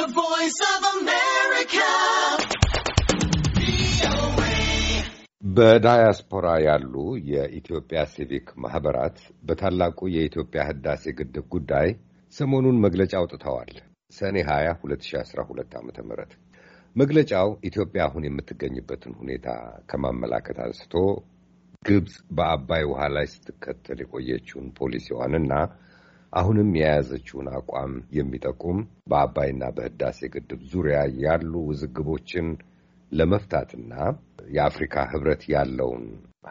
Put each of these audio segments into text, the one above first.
The Voice of America. በዳያስፖራ ያሉ የኢትዮጵያ ሲቪክ ማህበራት በታላቁ የኢትዮጵያ ህዳሴ ግድብ ጉዳይ ሰሞኑን መግለጫ አውጥተዋል። ሰኔ 20 2012 ዓ ም መግለጫው ኢትዮጵያ አሁን የምትገኝበትን ሁኔታ ከማመላከት አንስቶ ግብፅ በአባይ ውሃ ላይ ስትከተል የቆየችውን ፖሊሲዋንና አሁንም የያዘችውን አቋም የሚጠቁም በአባይና በህዳሴ ግድብ ዙሪያ ያሉ ውዝግቦችን ለመፍታትና የአፍሪካ ህብረት ያለውን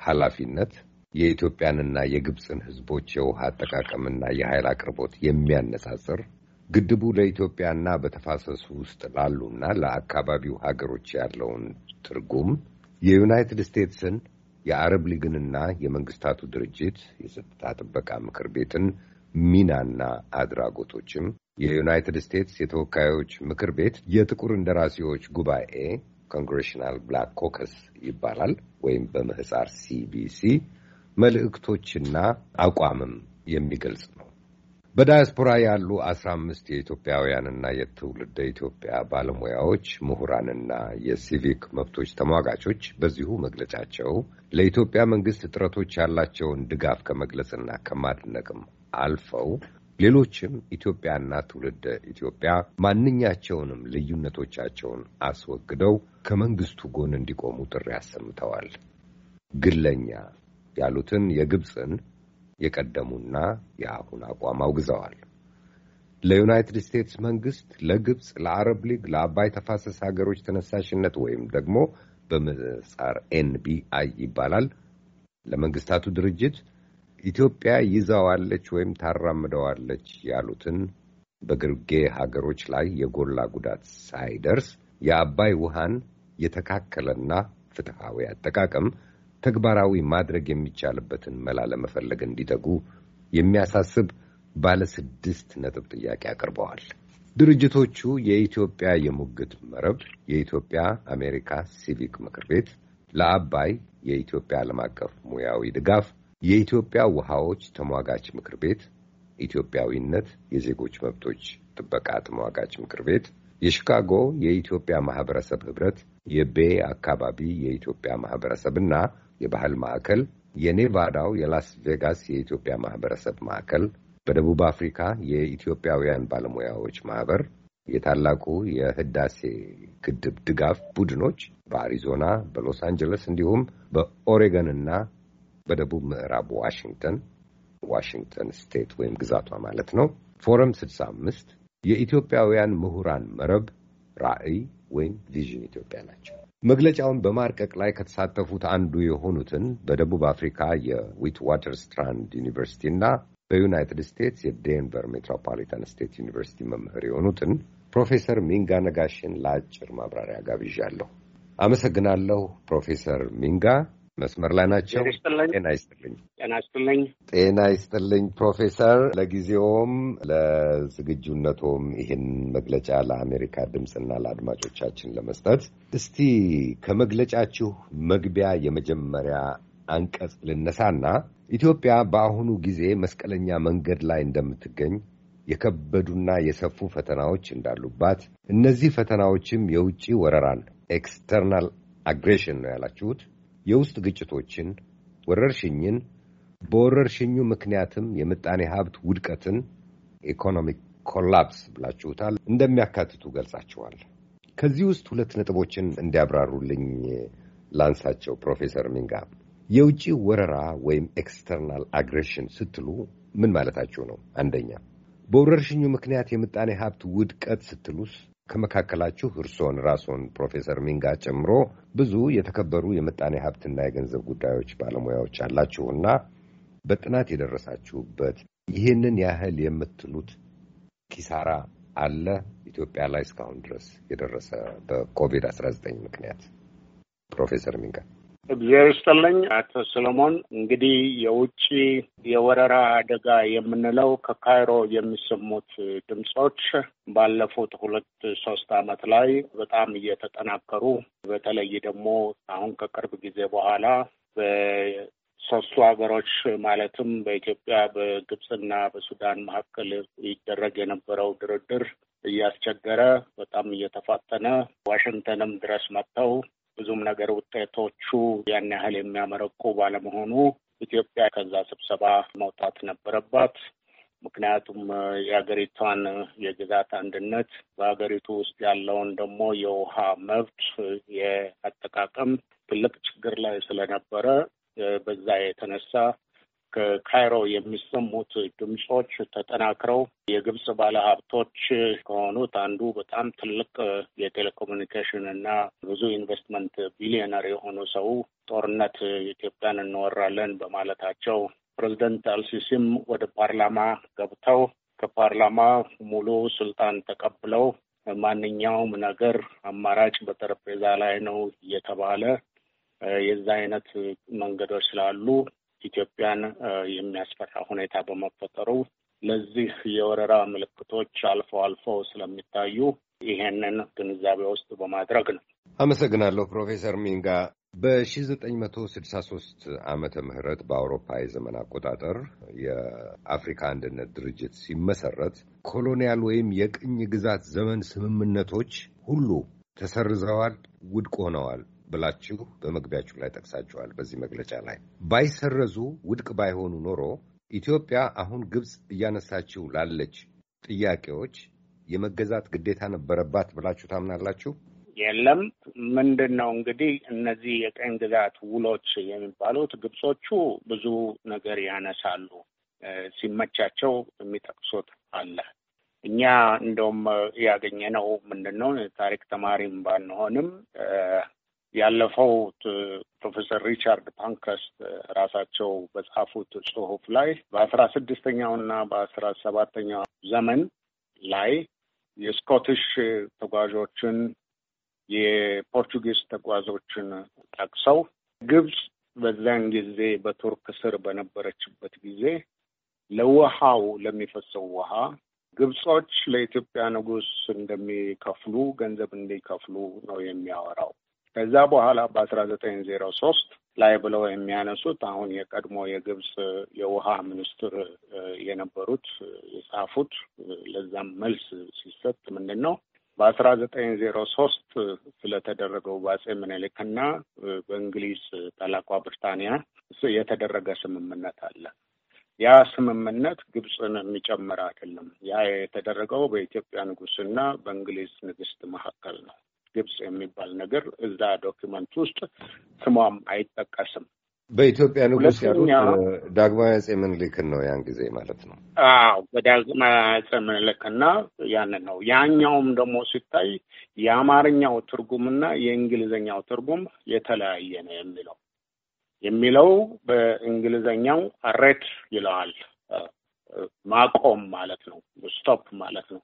ኃላፊነት የኢትዮጵያንና የግብፅን ህዝቦች የውሃ አጠቃቀምና የኃይል አቅርቦት የሚያነጻጽር ግድቡ ለኢትዮጵያና በተፋሰሱ ውስጥ ላሉና ለአካባቢው ሀገሮች ያለውን ትርጉም የዩናይትድ ስቴትስን የአረብ ሊግንና የመንግስታቱ ድርጅት የጸጥታ ጥበቃ ምክር ቤትን ሚናና አድራጎቶችም የዩናይትድ ስቴትስ የተወካዮች ምክር ቤት የጥቁር እንደራሴዎች ጉባኤ ኮንግሬሽናል ብላክ ኮከስ ይባላል ወይም በምህፃር ሲቢሲ መልእክቶችና አቋምም የሚገልጽ ነው። በዳያስፖራ ያሉ አስራ አምስት የኢትዮጵያውያንና የትውልደ ኢትዮጵያ ባለሙያዎች፣ ምሁራንና የሲቪክ መብቶች ተሟጋቾች በዚሁ መግለጫቸው ለኢትዮጵያ መንግስት ጥረቶች ያላቸውን ድጋፍ ከመግለጽና ከማድነቅም አልፈው ሌሎችም ኢትዮጵያና ትውልድ ኢትዮጵያ ማንኛቸውንም ልዩነቶቻቸውን አስወግደው ከመንግስቱ ጎን እንዲቆሙ ጥሪ አሰምተዋል። ግለኛ ያሉትን የግብፅን የቀደሙና የአሁን አቋም አውግዘዋል። ለዩናይትድ ስቴትስ መንግስት፣ ለግብፅ፣ ለአረብ ሊግ፣ ለአባይ ተፋሰስ ሀገሮች ተነሳሽነት ወይም ደግሞ በምህጻር ኤንቢአይ ይባላል ለመንግስታቱ ድርጅት ኢትዮጵያ ይዛዋለች ወይም ታራምደዋለች ያሉትን በግርጌ ሀገሮች ላይ የጎላ ጉዳት ሳይደርስ የአባይ ውሃን የተካከለና ፍትሐዊ አጠቃቀም ተግባራዊ ማድረግ የሚቻልበትን መላ ለመፈለግ እንዲተጉ የሚያሳስብ ባለ ስድስት ነጥብ ጥያቄ አቅርበዋል። ድርጅቶቹ የኢትዮጵያ የሙግት መረብ፣ የኢትዮጵያ አሜሪካ ሲቪክ ምክር ቤት፣ ለአባይ የኢትዮጵያ ዓለም አቀፍ ሙያዊ ድጋፍ የኢትዮጵያ ውሃዎች ተሟጋች ምክር ቤት፣ ኢትዮጵያዊነት የዜጎች መብቶች ጥበቃ ተሟጋች ምክር ቤት፣ የሺካጎ የኢትዮጵያ ማህበረሰብ ህብረት፣ የቤ አካባቢ የኢትዮጵያ ማህበረሰብና የባህል ማዕከል፣ የኔቫዳው የላስ ቬጋስ የኢትዮጵያ ማህበረሰብ ማዕከል፣ በደቡብ አፍሪካ የኢትዮጵያውያን ባለሙያዎች ማህበር፣ የታላቁ የህዳሴ ግድብ ድጋፍ ቡድኖች በአሪዞና፣ በሎስ አንጀለስ እንዲሁም በኦሬገንና። በደቡብ ምዕራብ ዋሽንግተን ዋሽንግተን ስቴት ወይም ግዛቷ ማለት ነው። ፎረም 65 የኢትዮጵያውያን ምሁራን መረብ ራዕይ ወይም ቪዥን ኢትዮጵያ ናቸው። መግለጫውን በማርቀቅ ላይ ከተሳተፉት አንዱ የሆኑትን በደቡብ አፍሪካ የዊት ዋተር ስትራንድ ዩኒቨርሲቲ እና በዩናይትድ ስቴትስ የዴንቨር ሜትሮፖሊታን ስቴት ዩኒቨርሲቲ መምህር የሆኑትን ፕሮፌሰር ሚንጋ ነጋሽን ለአጭር ማብራሪያ ጋብዣለሁ። አመሰግናለሁ ፕሮፌሰር ሚንጋ። መስመር ላይ ናቸው። ጤና ይስጥልኝ። ጤና ይስጥልኝ። ጤና ይስጥልኝ ፕሮፌሰር፣ ለጊዜውም ለዝግጁነቶም ይህን መግለጫ ለአሜሪካ ድምፅና ለአድማጮቻችን ለመስጠት እስቲ ከመግለጫችሁ መግቢያ የመጀመሪያ አንቀጽ ልነሳና ኢትዮጵያ በአሁኑ ጊዜ መስቀለኛ መንገድ ላይ እንደምትገኝ የከበዱና የሰፉ ፈተናዎች እንዳሉባት እነዚህ ፈተናዎችም የውጭ ወረራን ኤክስተርናል አግሬሽን ነው ያላችሁት የውስጥ ግጭቶችን፣ ወረርሽኝን፣ በወረርሽኙ ምክንያትም የምጣኔ ሀብት ውድቀትን ኢኮኖሚክ ኮላፕስ ብላችሁታል እንደሚያካትቱ ገልጻችኋል። ከዚህ ውስጥ ሁለት ነጥቦችን እንዲያብራሩልኝ ላንሳቸው። ፕሮፌሰር ሚንጋ የውጭ ወረራ ወይም ኤክስተርናል አግሬሽን ስትሉ ምን ማለታችሁ ነው? አንደኛ፣ በወረርሽኙ ምክንያት የምጣኔ ሀብት ውድቀት ስትሉስ ከመካከላችሁ እርስዎን ራስዎን ፕሮፌሰር ሚንጋ ጨምሮ ብዙ የተከበሩ የምጣኔ ሀብትና የገንዘብ ጉዳዮች ባለሙያዎች አላችሁና በጥናት የደረሳችሁበት ይህንን ያህል የምትሉት ኪሳራ አለ ኢትዮጵያ ላይ እስካሁን ድረስ የደረሰ በኮቪድ-19 ምክንያት ፕሮፌሰር ሚንጋ እግዚአብሔር ይስጥልኝ አቶ ሰሎሞን። እንግዲህ የውጭ የወረራ አደጋ የምንለው ከካይሮ የሚሰሙት ድምፆች ባለፉት ሁለት ሶስት አመት ላይ በጣም እየተጠናከሩ በተለይ ደግሞ አሁን ከቅርብ ጊዜ በኋላ በሶስቱ ሀገሮች ማለትም በኢትዮጵያ በግብፅና በሱዳን መካከል ይደረግ የነበረው ድርድር እያስቸገረ በጣም እየተፋጠነ ዋሽንግተንም ድረስ መጥተው ብዙም ነገር ውጤቶቹ ያን ያህል የሚያመረቁ ባለመሆኑ ኢትዮጵያ ከዛ ስብሰባ መውጣት ነበረባት። ምክንያቱም የሀገሪቷን የግዛት አንድነት በሀገሪቱ ውስጥ ያለውን ደግሞ የውሃ መብት የአጠቃቀም ትልቅ ችግር ላይ ስለነበረ በዛ የተነሳ ከካይሮ የሚሰሙት ድምፆች ተጠናክረው የግብጽ ባለሀብቶች ከሆኑት አንዱ በጣም ትልቅ የቴሌኮሙኒኬሽን እና ብዙ ኢንቨስትመንት ቢሊዮነር የሆኑ ሰው ጦርነት ኢትዮጵያን እንወራለን በማለታቸው ፕሬዚደንት አልሲሲም ወደ ፓርላማ ገብተው ከፓርላማ ሙሉ ስልጣን ተቀብለው ማንኛውም ነገር አማራጭ በጠረጴዛ ላይ ነው እየተባለ የዛ አይነት መንገዶች ስላሉ ኢትዮጵያን የሚያስፈራ ሁኔታ በመፈጠሩ ለዚህ የወረራ ምልክቶች አልፎ አልፎ ስለሚታዩ ይሄንን ግንዛቤ ውስጥ በማድረግ ነው። አመሰግናለሁ ፕሮፌሰር ሚንጋ። በ1963 ዓመተ ምህረት በአውሮፓ የዘመን አቆጣጠር የአፍሪካ አንድነት ድርጅት ሲመሰረት ኮሎኒያል ወይም የቅኝ ግዛት ዘመን ስምምነቶች ሁሉ ተሰርዘዋል፣ ውድቅ ሆነዋል። ብላችሁ በመግቢያችሁ ላይ ጠቅሳችኋል። በዚህ መግለጫ ላይ ባይሰረዙ ውድቅ ባይሆኑ ኖሮ ኢትዮጵያ አሁን ግብፅ እያነሳችው ላለች ጥያቄዎች የመገዛት ግዴታ ነበረባት ብላችሁ ታምናላችሁ? የለም። ምንድን ነው እንግዲህ እነዚህ የቀኝ ግዛት ውሎች የሚባሉት ግብጾቹ ብዙ ነገር ያነሳሉ። ሲመቻቸው የሚጠቅሱት አለ። እኛ እንደውም ያገኘነው ምንድን ነው ታሪክ ተማሪም ባንሆንም ያለፈው ፕሮፌሰር ሪቻርድ ፓንከስት ራሳቸው በጻፉት ጽሁፍ ላይ በአስራ ስድስተኛው እና በአስራ ሰባተኛው ዘመን ላይ የስኮቲሽ ተጓዦችን የፖርቹጊዝ ተጓዦችን ጠቅሰው ግብጽ በዚያን ጊዜ በቱርክ ስር በነበረችበት ጊዜ ለውሃው ለሚፈሰው ውሃ ግብጾች ለኢትዮጵያ ንጉስ እንደሚከፍሉ ገንዘብ እንዲከፍሉ ነው የሚያወራው። ከዛ በኋላ በአስራ ዘጠኝ ዜሮ ሶስት ላይ ብለው የሚያነሱት አሁን የቀድሞ የግብፅ የውሃ ሚኒስትር የነበሩት የጻፉት ለዛም መልስ ሲሰጥ ምንድን ነው በአስራ ዘጠኝ ዜሮ ሶስት ስለተደረገው በአፄ ምኒልክ እና በእንግሊዝ ጠላቋ ብሪታንያ የተደረገ ስምምነት አለ። ያ ስምምነት ግብፅን የሚጨምር አይደለም። ያ የተደረገው በኢትዮጵያ ንጉሥ በእንግሊዝ ንግስት መካከል ነው። ግብጽ የሚባል ነገር እዛ ዶክመንት ውስጥ ስሟም አይጠቀስም። በኢትዮጵያ ንጉስ ያሉት ዳግማዊ አፄ ምኒልክን ነው። ያን ጊዜ ማለት ነው። አዎ በዳግማዊ አፄ ምኒልክና ያንን ነው። ያኛውም ደግሞ ሲታይ የአማርኛው ትርጉምና የእንግሊዝኛው ትርጉም የተለያየ ነው የሚለው የሚለው በእንግሊዝኛው ሬት ይለዋል። ማቆም ማለት ነው። ስቶፕ ማለት ነው።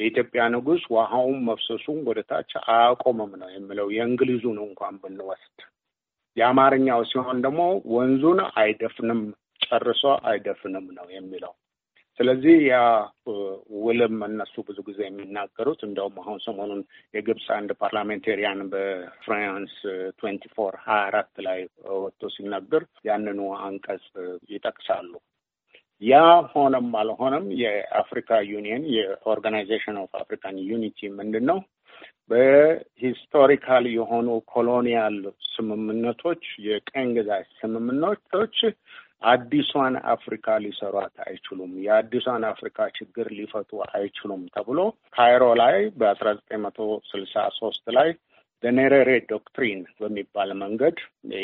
የኢትዮጵያ ንጉስ ውሃውን መፍሰሱን ወደ ታች አያቆምም ነው የምለው። የእንግሊዙን እንኳን ብንወስድ የአማርኛው ሲሆን ደግሞ ወንዙን አይደፍንም ጨርሶ አይደፍንም ነው የሚለው። ስለዚህ ያ ውልም እነሱ ብዙ ጊዜ የሚናገሩት እንደውም አሁን ሰሞኑን የግብፅ አንድ ፓርላሜንቴሪያን በፍራንስ ትዌንቲ ፎር ሀያ አራት ላይ ወጥቶ ሲናገር ያንኑ አንቀጽ ይጠቅሳሉ። ያ ሆነም አልሆነም የአፍሪካ ዩኒየን የኦርጋናይዜሽን ኦፍ አፍሪካን ዩኒቲ ምንድን ነው በሂስቶሪካል የሆኑ ኮሎኒያል ስምምነቶች፣ የቀኝ ግዛት ስምምነቶች አዲሷን አፍሪካ ሊሰሯት አይችሉም፣ የአዲሷን አፍሪካ ችግር ሊፈቱ አይችሉም ተብሎ ካይሮ ላይ በአስራ ዘጠኝ መቶ ስልሳ ሶስት ላይ ዘኔሬሬ ዶክትሪን በሚባል መንገድ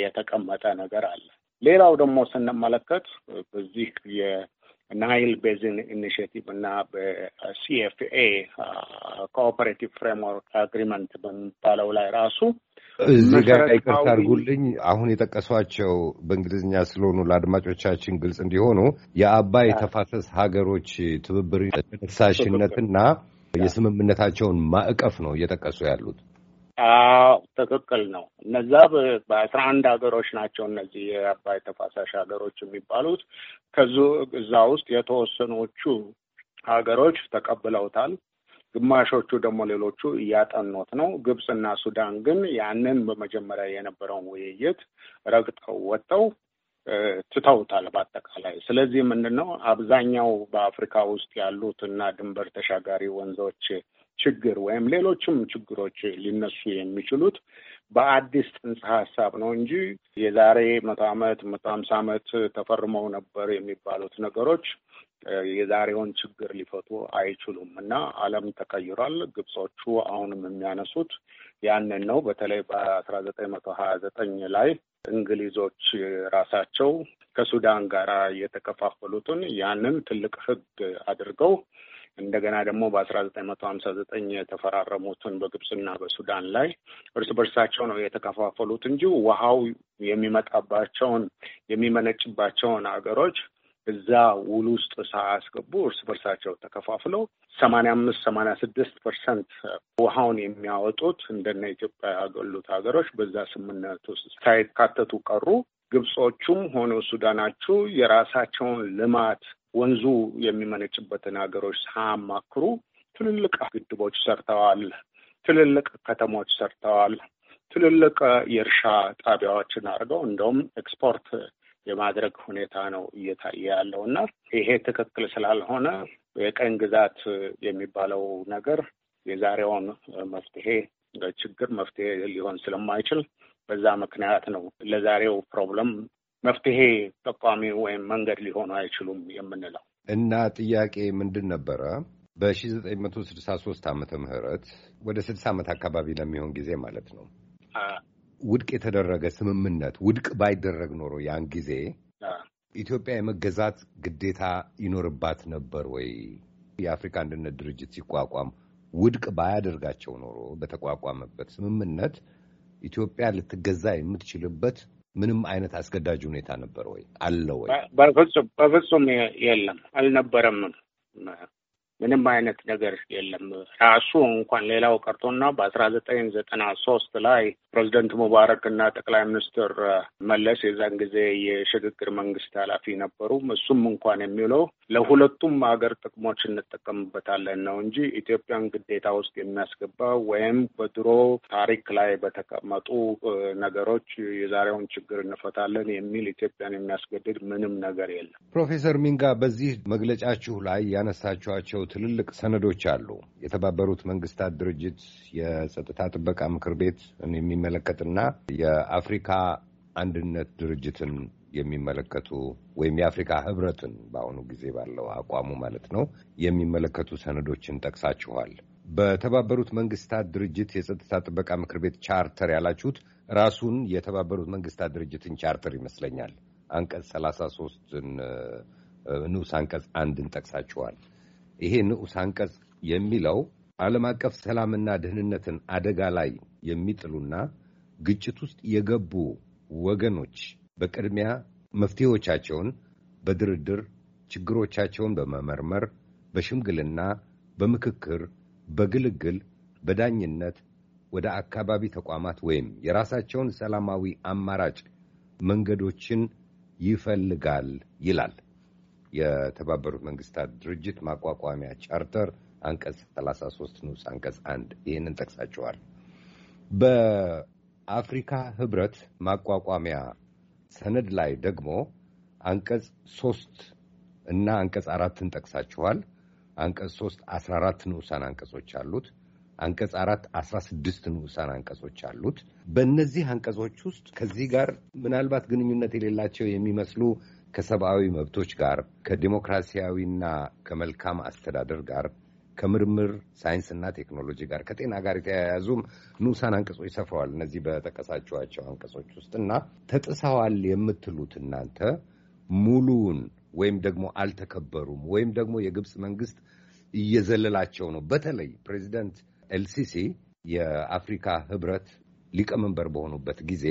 የተቀመጠ ነገር አለ። ሌላው ደግሞ ስንመለከት በዚህ የናይል ቤዝን ኢኒሽቲቭ እና በሲኤፍኤ ኮኦፐሬቲቭ ፍሬምወርክ አግሪመንት በሚባለው ላይ ራሱ እዚህ ጋር ይቅርታ አድርጉልኝ። አሁን የጠቀሷቸው በእንግሊዝኛ ስለሆኑ ለአድማጮቻችን ግልጽ እንዲሆኑ የአባይ ተፋሰስ ሀገሮች ትብብር ተነሳሽነትና የስምምነታቸውን ማዕቀፍ ነው እየጠቀሱ ያሉት። አዎ ትክክል ነው። እነዛ በአስራ አንድ ሀገሮች ናቸው እነዚህ የአባይ ተፋሳሽ ሀገሮች የሚባሉት ከዙ እዛ ውስጥ የተወሰኖቹ ሀገሮች ተቀብለውታል። ግማሾቹ ደግሞ ሌሎቹ እያጠኑት ነው። እና ሱዳን ግን ያንን በመጀመሪያ የነበረውን ውይይት ረግጠው ወጥተው ትተውታል በአጠቃላይ። ስለዚህ ምንድን ነው አብዛኛው በአፍሪካ ውስጥ ያሉት እና ድንበር ተሻጋሪ ወንዞች ችግር ወይም ሌሎችም ችግሮች ሊነሱ የሚችሉት በአዲስ ጥንሰ ሀሳብ ነው እንጂ የዛሬ መቶ ዓመት መቶ ሀምሳ ዓመት ተፈርመው ነበር የሚባሉት ነገሮች የዛሬውን ችግር ሊፈቱ አይችሉም እና ዓለም ተቀይሯል። ግብጾቹ አሁንም የሚያነሱት ያንን ነው። በተለይ በአስራ ዘጠኝ መቶ ሀያ ዘጠኝ ላይ እንግሊዞች ራሳቸው ከሱዳን ጋር የተከፋፈሉትን ያንን ትልቅ ሕግ አድርገው እንደገና ደግሞ በአስራ ዘጠኝ መቶ ሀምሳ ዘጠኝ የተፈራረሙትን በግብፅና በሱዳን ላይ እርስ በርሳቸው ነው የተከፋፈሉት እንጂ ውሃው የሚመጣባቸውን የሚመነጭባቸውን አገሮች እዛ ውል ውስጥ ሳያስገቡ እርስ በርሳቸው ተከፋፍለው ሰማንያ አምስት ሰማንያ ስድስት ፐርሰንት ውሃውን የሚያወጡት እንደነ ኢትዮጵያ ያገሉት ሀገሮች በዛ ስምምነት ውስጥ ሳይካተቱ ቀሩ። ግብጾቹም ሆነ ሱዳናቹ የራሳቸውን ልማት ወንዙ የሚመነጭበትን ሀገሮች ሳያማክሩ ትልልቅ ግድቦች ሰርተዋል። ትልልቅ ከተሞች ሰርተዋል። ትልልቅ የእርሻ ጣቢያዎችን አድርገው እንደውም ኤክስፖርት የማድረግ ሁኔታ ነው እየታየ ያለው እና ይሄ ትክክል ስላልሆነ የቀኝ ግዛት የሚባለው ነገር የዛሬውን መፍትሄ ችግር መፍትሄ ሊሆን ስለማይችል በዛ ምክንያት ነው ለዛሬው ፕሮብለም መፍትሄ ጠቋሚ ወይም መንገድ ሊሆኑ አይችሉም የምንለው እና ጥያቄ ምንድን ነበረ? በ1963 ዓመተ ምህረት ወደ 60 ዓመት አካባቢ ለሚሆን ጊዜ ማለት ነው ውድቅ የተደረገ ስምምነት ውድቅ ባይደረግ ኖሮ ያን ጊዜ ኢትዮጵያ የመገዛት ግዴታ ይኖርባት ነበር ወይ? የአፍሪካ አንድነት ድርጅት ሲቋቋም ውድቅ ባያደርጋቸው ኖሮ በተቋቋመበት ስምምነት ኢትዮጵያ ልትገዛ የምትችልበት ምንም አይነት አስገዳጅ ሁኔታ ነበር ወይ? አለ ወይ? በፍጹም የለም፣ አልነበረም። ምንም አይነት ነገር የለም። ራሱ እንኳን ሌላው ቀርቶና በአስራ ዘጠኝ ዘጠና ሶስት ላይ ፕሬዚደንት ሙባረክ እና ጠቅላይ ሚኒስትር መለስ የዛን ጊዜ የሽግግር መንግስት ኃላፊ ነበሩ። እሱም እንኳን የሚለው ለሁለቱም ሀገር ጥቅሞች እንጠቀምበታለን ነው እንጂ ኢትዮጵያን ግዴታ ውስጥ የሚያስገባ ወይም በድሮ ታሪክ ላይ በተቀመጡ ነገሮች የዛሬውን ችግር እንፈታለን የሚል ኢትዮጵያን የሚያስገድድ ምንም ነገር የለም። ፕሮፌሰር ሚንጋ በዚህ መግለጫችሁ ላይ ያነሳችኋቸው ትልልቅ ሰነዶች አሉ። የተባበሩት መንግስታት ድርጅት የጸጥታ ጥበቃ ምክር ቤት የሚመለከትና የአፍሪካ አንድነት ድርጅትን የሚመለከቱ ወይም የአፍሪካ ህብረትን በአሁኑ ጊዜ ባለው አቋሙ ማለት ነው የሚመለከቱ ሰነዶችን ጠቅሳችኋል። በተባበሩት መንግስታት ድርጅት የጸጥታ ጥበቃ ምክር ቤት ቻርተር ያላችሁት ራሱን የተባበሩት መንግስታት ድርጅትን ቻርተር ይመስለኛል አንቀጽ ሰላሳ ሶስትን ንዑስ አንቀጽ አንድን ጠቅሳችኋል። ይሄ ንዑስ አንቀጽ የሚለው ዓለም አቀፍ ሰላምና ደህንነትን አደጋ ላይ የሚጥሉና ግጭት ውስጥ የገቡ ወገኖች በቅድሚያ መፍትሄዎቻቸውን በድርድር ችግሮቻቸውን በመመርመር በሽምግልና፣ በምክክር፣ በግልግል፣ በዳኝነት ወደ አካባቢ ተቋማት ወይም የራሳቸውን ሰላማዊ አማራጭ መንገዶችን ይፈልጋል ይላል። የተባበሩት መንግስታት ድርጅት ማቋቋሚያ ቻርተር አንቀጽ 33 ንዑስ አንቀጽ አንድ ይህንን ጠቅሳችኋል። በአፍሪካ ህብረት ማቋቋሚያ ሰነድ ላይ ደግሞ አንቀጽ ሶስት እና አንቀጽ አራትን ጠቅሳችኋል። አንቀጽ ሶስት 14 ንዑሳን አንቀጾች አሉት። አንቀጽ አራት 16 ንዑሳን አንቀጾች አሉት። በእነዚህ አንቀጾች ውስጥ ከዚህ ጋር ምናልባት ግንኙነት የሌላቸው የሚመስሉ ከሰብአዊ መብቶች ጋር ከዲሞክራሲያዊና ከመልካም አስተዳደር ጋር ከምርምር ሳይንስና ቴክኖሎጂ ጋር ከጤና ጋር የተያያዙም ንዑሳን አንቀጾች ሰፍረዋል። እነዚህ በጠቀሳችኋቸው አንቀጾች እና ተጥሰዋል የምትሉት እናንተ ሙሉውን ወይም ደግሞ አልተከበሩም ወይም ደግሞ የግብፅ መንግስት እየዘለላቸው ነው። በተለይ ፕሬዚደንት ኤልሲሲ የአፍሪካ ህብረት ሊቀመንበር በሆኑበት ጊዜ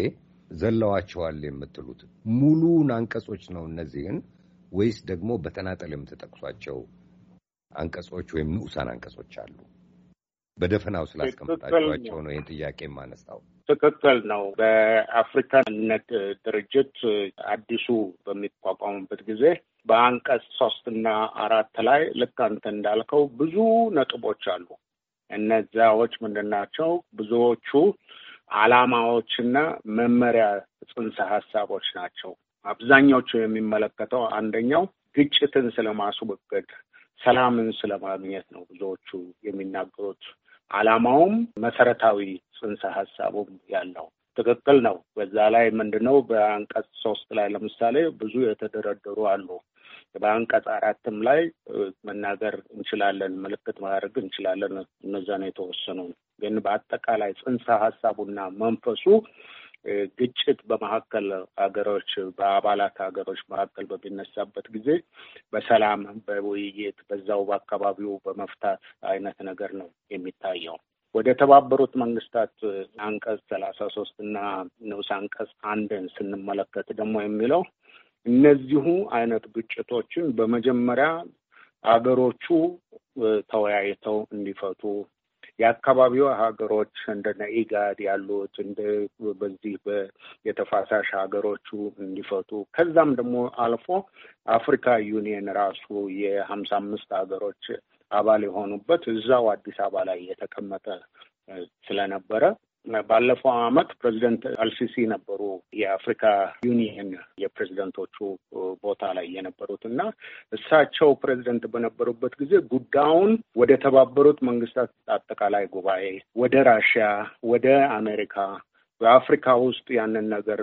ዘለዋቸዋል የምትሉት ሙሉውን አንቀጾች ነው እነዚህን ወይስ ደግሞ በተናጠል የምትጠቅሷቸው አንቀጾች ወይም ንዑሳን አንቀጾች አሉ? በደፈናው ስላስቀምጣቸዋቸው ነው ይህን ጥያቄ የማነሳው። ትክክል ነው። በአፍሪካ አንድነት ድርጅት አዲሱ በሚቋቋሙበት ጊዜ በአንቀጽ ሶስትና አራት ላይ ልክ አንተ እንዳልከው ብዙ ነጥቦች አሉ። እነዚያዎች ምንድን ናቸው? ብዙዎቹ አላማዎችና መመሪያ ጽንሰ ሀሳቦች ናቸው። አብዛኛዎቹ የሚመለከተው አንደኛው ግጭትን ስለማስወገድ ሰላምን ስለማግኘት ነው። ብዙዎቹ የሚናገሩት አላማውም መሰረታዊ ጽንሰ ሀሳቡም ያለው ትክክል ነው። በዛ ላይ ምንድነው በአንቀጽ ሶስት ላይ ለምሳሌ ብዙ የተደረደሩ አሉ። በአንቀጽ አራትም ላይ መናገር እንችላለን፣ ምልክት ማድረግ እንችላለን። እነዛን የተወሰኑ ግን በአጠቃላይ ጽንሰ ሀሳቡና መንፈሱ ግጭት በመካከል ሀገሮች በአባላት ሀገሮች መካከል በሚነሳበት ጊዜ በሰላም በውይይት በዛው በአካባቢው በመፍታት አይነት ነገር ነው የሚታየው። ወደ ተባበሩት መንግስታት አንቀጽ ሰላሳ ሶስት እና ንዑስ አንቀጽ አንድን ስንመለከት ደግሞ የሚለው እነዚሁ አይነት ግጭቶችን በመጀመሪያ አገሮቹ ተወያይተው እንዲፈቱ የአካባቢው ሀገሮች እንደነ ኢጋድ ያሉት እንደ በዚህ የተፋሳሽ ሀገሮቹ እንዲፈቱ ከዛም ደግሞ አልፎ አፍሪካ ዩኒየን ራሱ የሀምሳ አምስት ሀገሮች አባል የሆኑበት እዛው አዲስ አበባ ላይ የተቀመጠ ስለነበረ ባለፈው አመት ፕሬዚደንት አልሲሲ ነበሩ የአፍሪካ ዩኒየን የፕሬዚደንቶቹ ቦታ ላይ የነበሩት እና እሳቸው ፕሬዚደንት በነበሩበት ጊዜ ጉዳዩን ወደ ተባበሩት መንግስታት አጠቃላይ ጉባኤ፣ ወደ ራሽያ፣ ወደ አሜሪካ በአፍሪካ ውስጥ ያንን ነገር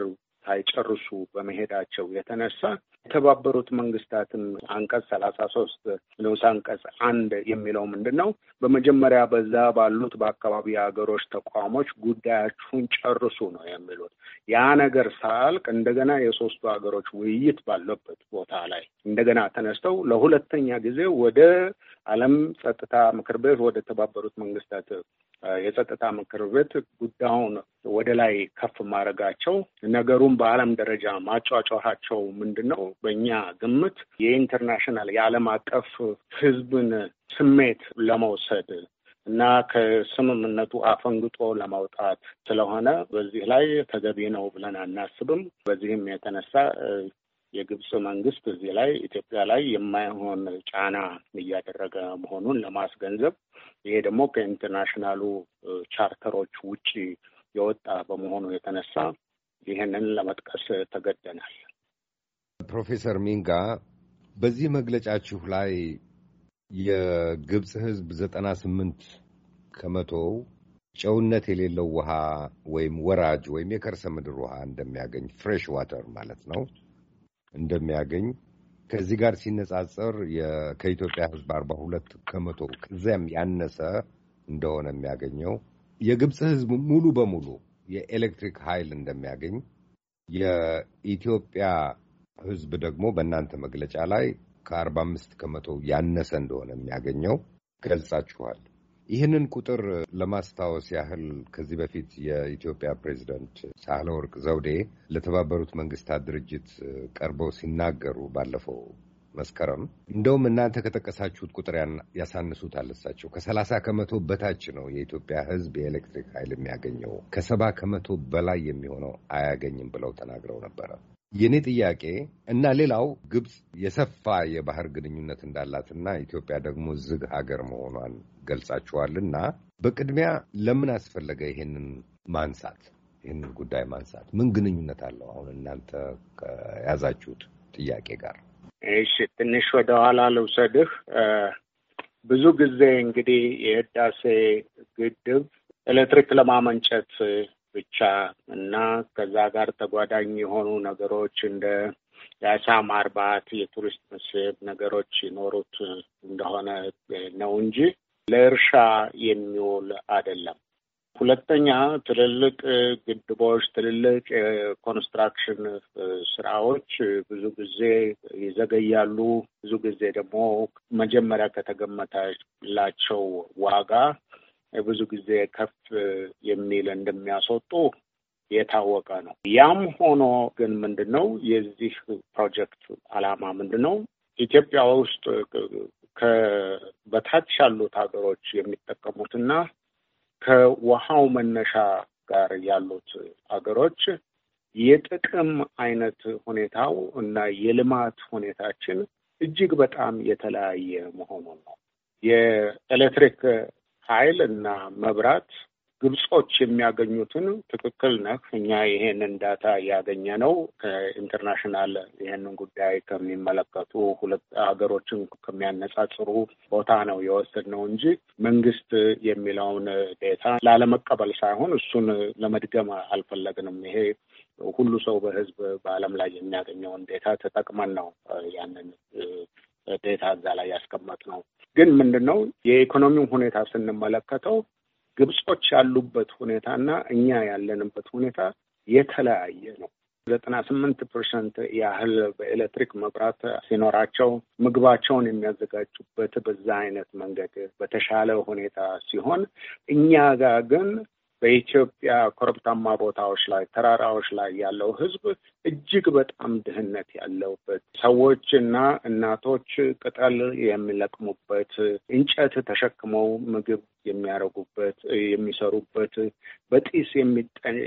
ሳይጨርሱ በመሄዳቸው የተነሳ የተባበሩት መንግስታትን አንቀጽ ሰላሳ ሶስት ንዑስ አንቀጽ አንድ የሚለው ምንድን ነው? በመጀመሪያ በዛ ባሉት በአካባቢ ሀገሮች ተቋሞች ጉዳያችሁን ጨርሱ ነው የሚሉት። ያ ነገር ሳልቅ እንደገና የሶስቱ ሀገሮች ውይይት ባለበት ቦታ ላይ እንደገና ተነስተው ለሁለተኛ ጊዜ ወደ ዓለም ጸጥታ ምክር ቤት ወደ ተባበሩት መንግስታት የጸጥታ ምክር ቤት ጉዳዩን ወደ ላይ ከፍ ማድረጋቸው ነገሩን በዓለም ደረጃ ማጫጫኋቸው ምንድን ነው በእኛ ግምት የኢንተርናሽናል የዓለም አቀፍ ህዝብን ስሜት ለመውሰድ እና ከስምምነቱ አፈንግጦ ለማውጣት ስለሆነ በዚህ ላይ ተገቢ ነው ብለን አናስብም። በዚህም የተነሳ የግብፅ መንግስት እዚህ ላይ ኢትዮጵያ ላይ የማይሆን ጫና እያደረገ መሆኑን ለማስገንዘብ ይሄ ደግሞ ከኢንተርናሽናሉ ቻርተሮች ውጪ የወጣ በመሆኑ የተነሳ ይህንን ለመጥቀስ ተገደናል። ፕሮፌሰር ሚንጋ በዚህ መግለጫችሁ ላይ የግብፅ ህዝብ ዘጠና ስምንት ከመቶ ጨውነት የሌለው ውሃ ወይም ወራጅ ወይም የከርሰ ምድር ውሃ እንደሚያገኝ ፍሬሽ ዋተር ማለት ነው እንደሚያገኝ ከዚህ ጋር ሲነጻጸር ከኢትዮጵያ ህዝብ አርባ ሁለት ከመቶ ከዚያም ያነሰ እንደሆነ የሚያገኘው የግብፅ ህዝብ ሙሉ በሙሉ የኤሌክትሪክ ኃይል እንደሚያገኝ የኢትዮጵያ ህዝብ ደግሞ በእናንተ መግለጫ ላይ ከአርባ አምስት ከመቶ ያነሰ እንደሆነ የሚያገኘው ገልጻችኋል። ይህንን ቁጥር ለማስታወስ ያህል ከዚህ በፊት የኢትዮጵያ ፕሬዚደንት ሳህለወርቅ ዘውዴ ለተባበሩት መንግስታት ድርጅት ቀርበው ሲናገሩ ባለፈው መስከረም እንደውም እናንተ ከጠቀሳችሁት ቁጥር ያሳንሱታል። እሳቸው ከሰላሳ ከመቶ በታች ነው የኢትዮጵያ ህዝብ የኤሌክትሪክ ኃይል የሚያገኘው፣ ከሰባ ከመቶ በላይ የሚሆነው አያገኝም ብለው ተናግረው ነበረ። የእኔ ጥያቄ እና ሌላው ግብፅ የሰፋ የባህር ግንኙነት እንዳላትና ኢትዮጵያ ደግሞ ዝግ ሀገር መሆኗን ገልጻችኋልና በቅድሚያ ለምን አስፈለገ ይሄንን ማንሳት ይህንን ጉዳይ ማንሳት ምን ግንኙነት አለው? አሁን እናንተ ከያዛችሁት ጥያቄ ጋር። እሺ ትንሽ ወደ ኋላ ልውሰድህ። ብዙ ጊዜ እንግዲህ የህዳሴ ግድብ ኤሌክትሪክ ለማመንጨት ብቻ እና ከዛ ጋር ተጓዳኝ የሆኑ ነገሮች እንደ የአሳ ማርባት የቱሪስት መስህብ ነገሮች ይኖሩት እንደሆነ ነው እንጂ ለእርሻ የሚውል አይደለም። ሁለተኛ ትልልቅ ግድቦች፣ ትልልቅ የኮንስትራክሽን ስራዎች ብዙ ጊዜ ይዘገያሉ። ብዙ ጊዜ ደግሞ መጀመሪያ ከተገመተላቸው ዋጋ ብዙ ጊዜ ከፍ የሚል እንደሚያስወጡ የታወቀ ነው። ያም ሆኖ ግን ምንድን ነው የዚህ ፕሮጀክት አላማ ምንድን ነው? ኢትዮጵያ ውስጥ ከበታች ያሉት ሀገሮች የሚጠቀሙትና ከውሃው መነሻ ጋር ያሉት ሀገሮች የጥቅም አይነት ሁኔታው እና የልማት ሁኔታችን እጅግ በጣም የተለያየ መሆኑን ነው። የኤሌክትሪክ ኃይል እና መብራት ግብጾች የሚያገኙትን ትክክል ነህ። እኛ ይሄንን ዳታ ያገኘ ነው ከኢንተርናሽናል ይሄንን ጉዳይ ከሚመለከቱ ሁለት ሀገሮችን ከሚያነጻጽሩ ቦታ ነው ነው እንጂ መንግስት የሚለውን ዴታ ላለመቀበል ሳይሆን እሱን ለመድገም አልፈለግንም። ይሄ ሁሉ ሰው በህዝብ በዓለም ላይ የሚያገኘውን ዴታ ተጠቅመን ነው ያንን ዴታ እዛ ላይ ያስቀመጥ ነው። ግን ምንድን ነው የኢኮኖሚው ሁኔታ ስንመለከተው ግብጾች ያሉበት ሁኔታና እኛ ያለንበት ሁኔታ የተለያየ ነው። ዘጠና ስምንት ፐርሰንት ያህል በኤሌክትሪክ መብራት ሲኖራቸው ምግባቸውን የሚያዘጋጁበት በዛ አይነት መንገድ በተሻለ ሁኔታ ሲሆን፣ እኛ ጋር ግን በኢትዮጵያ ኮረብታማ ቦታዎች ላይ ተራራዎች ላይ ያለው ህዝብ እጅግ በጣም ድህነት ያለውበት ሰዎች እና እናቶች ቅጠል የሚለቅሙበት እንጨት ተሸክመው ምግብ የሚያረጉበት የሚሰሩበት፣ በጢስ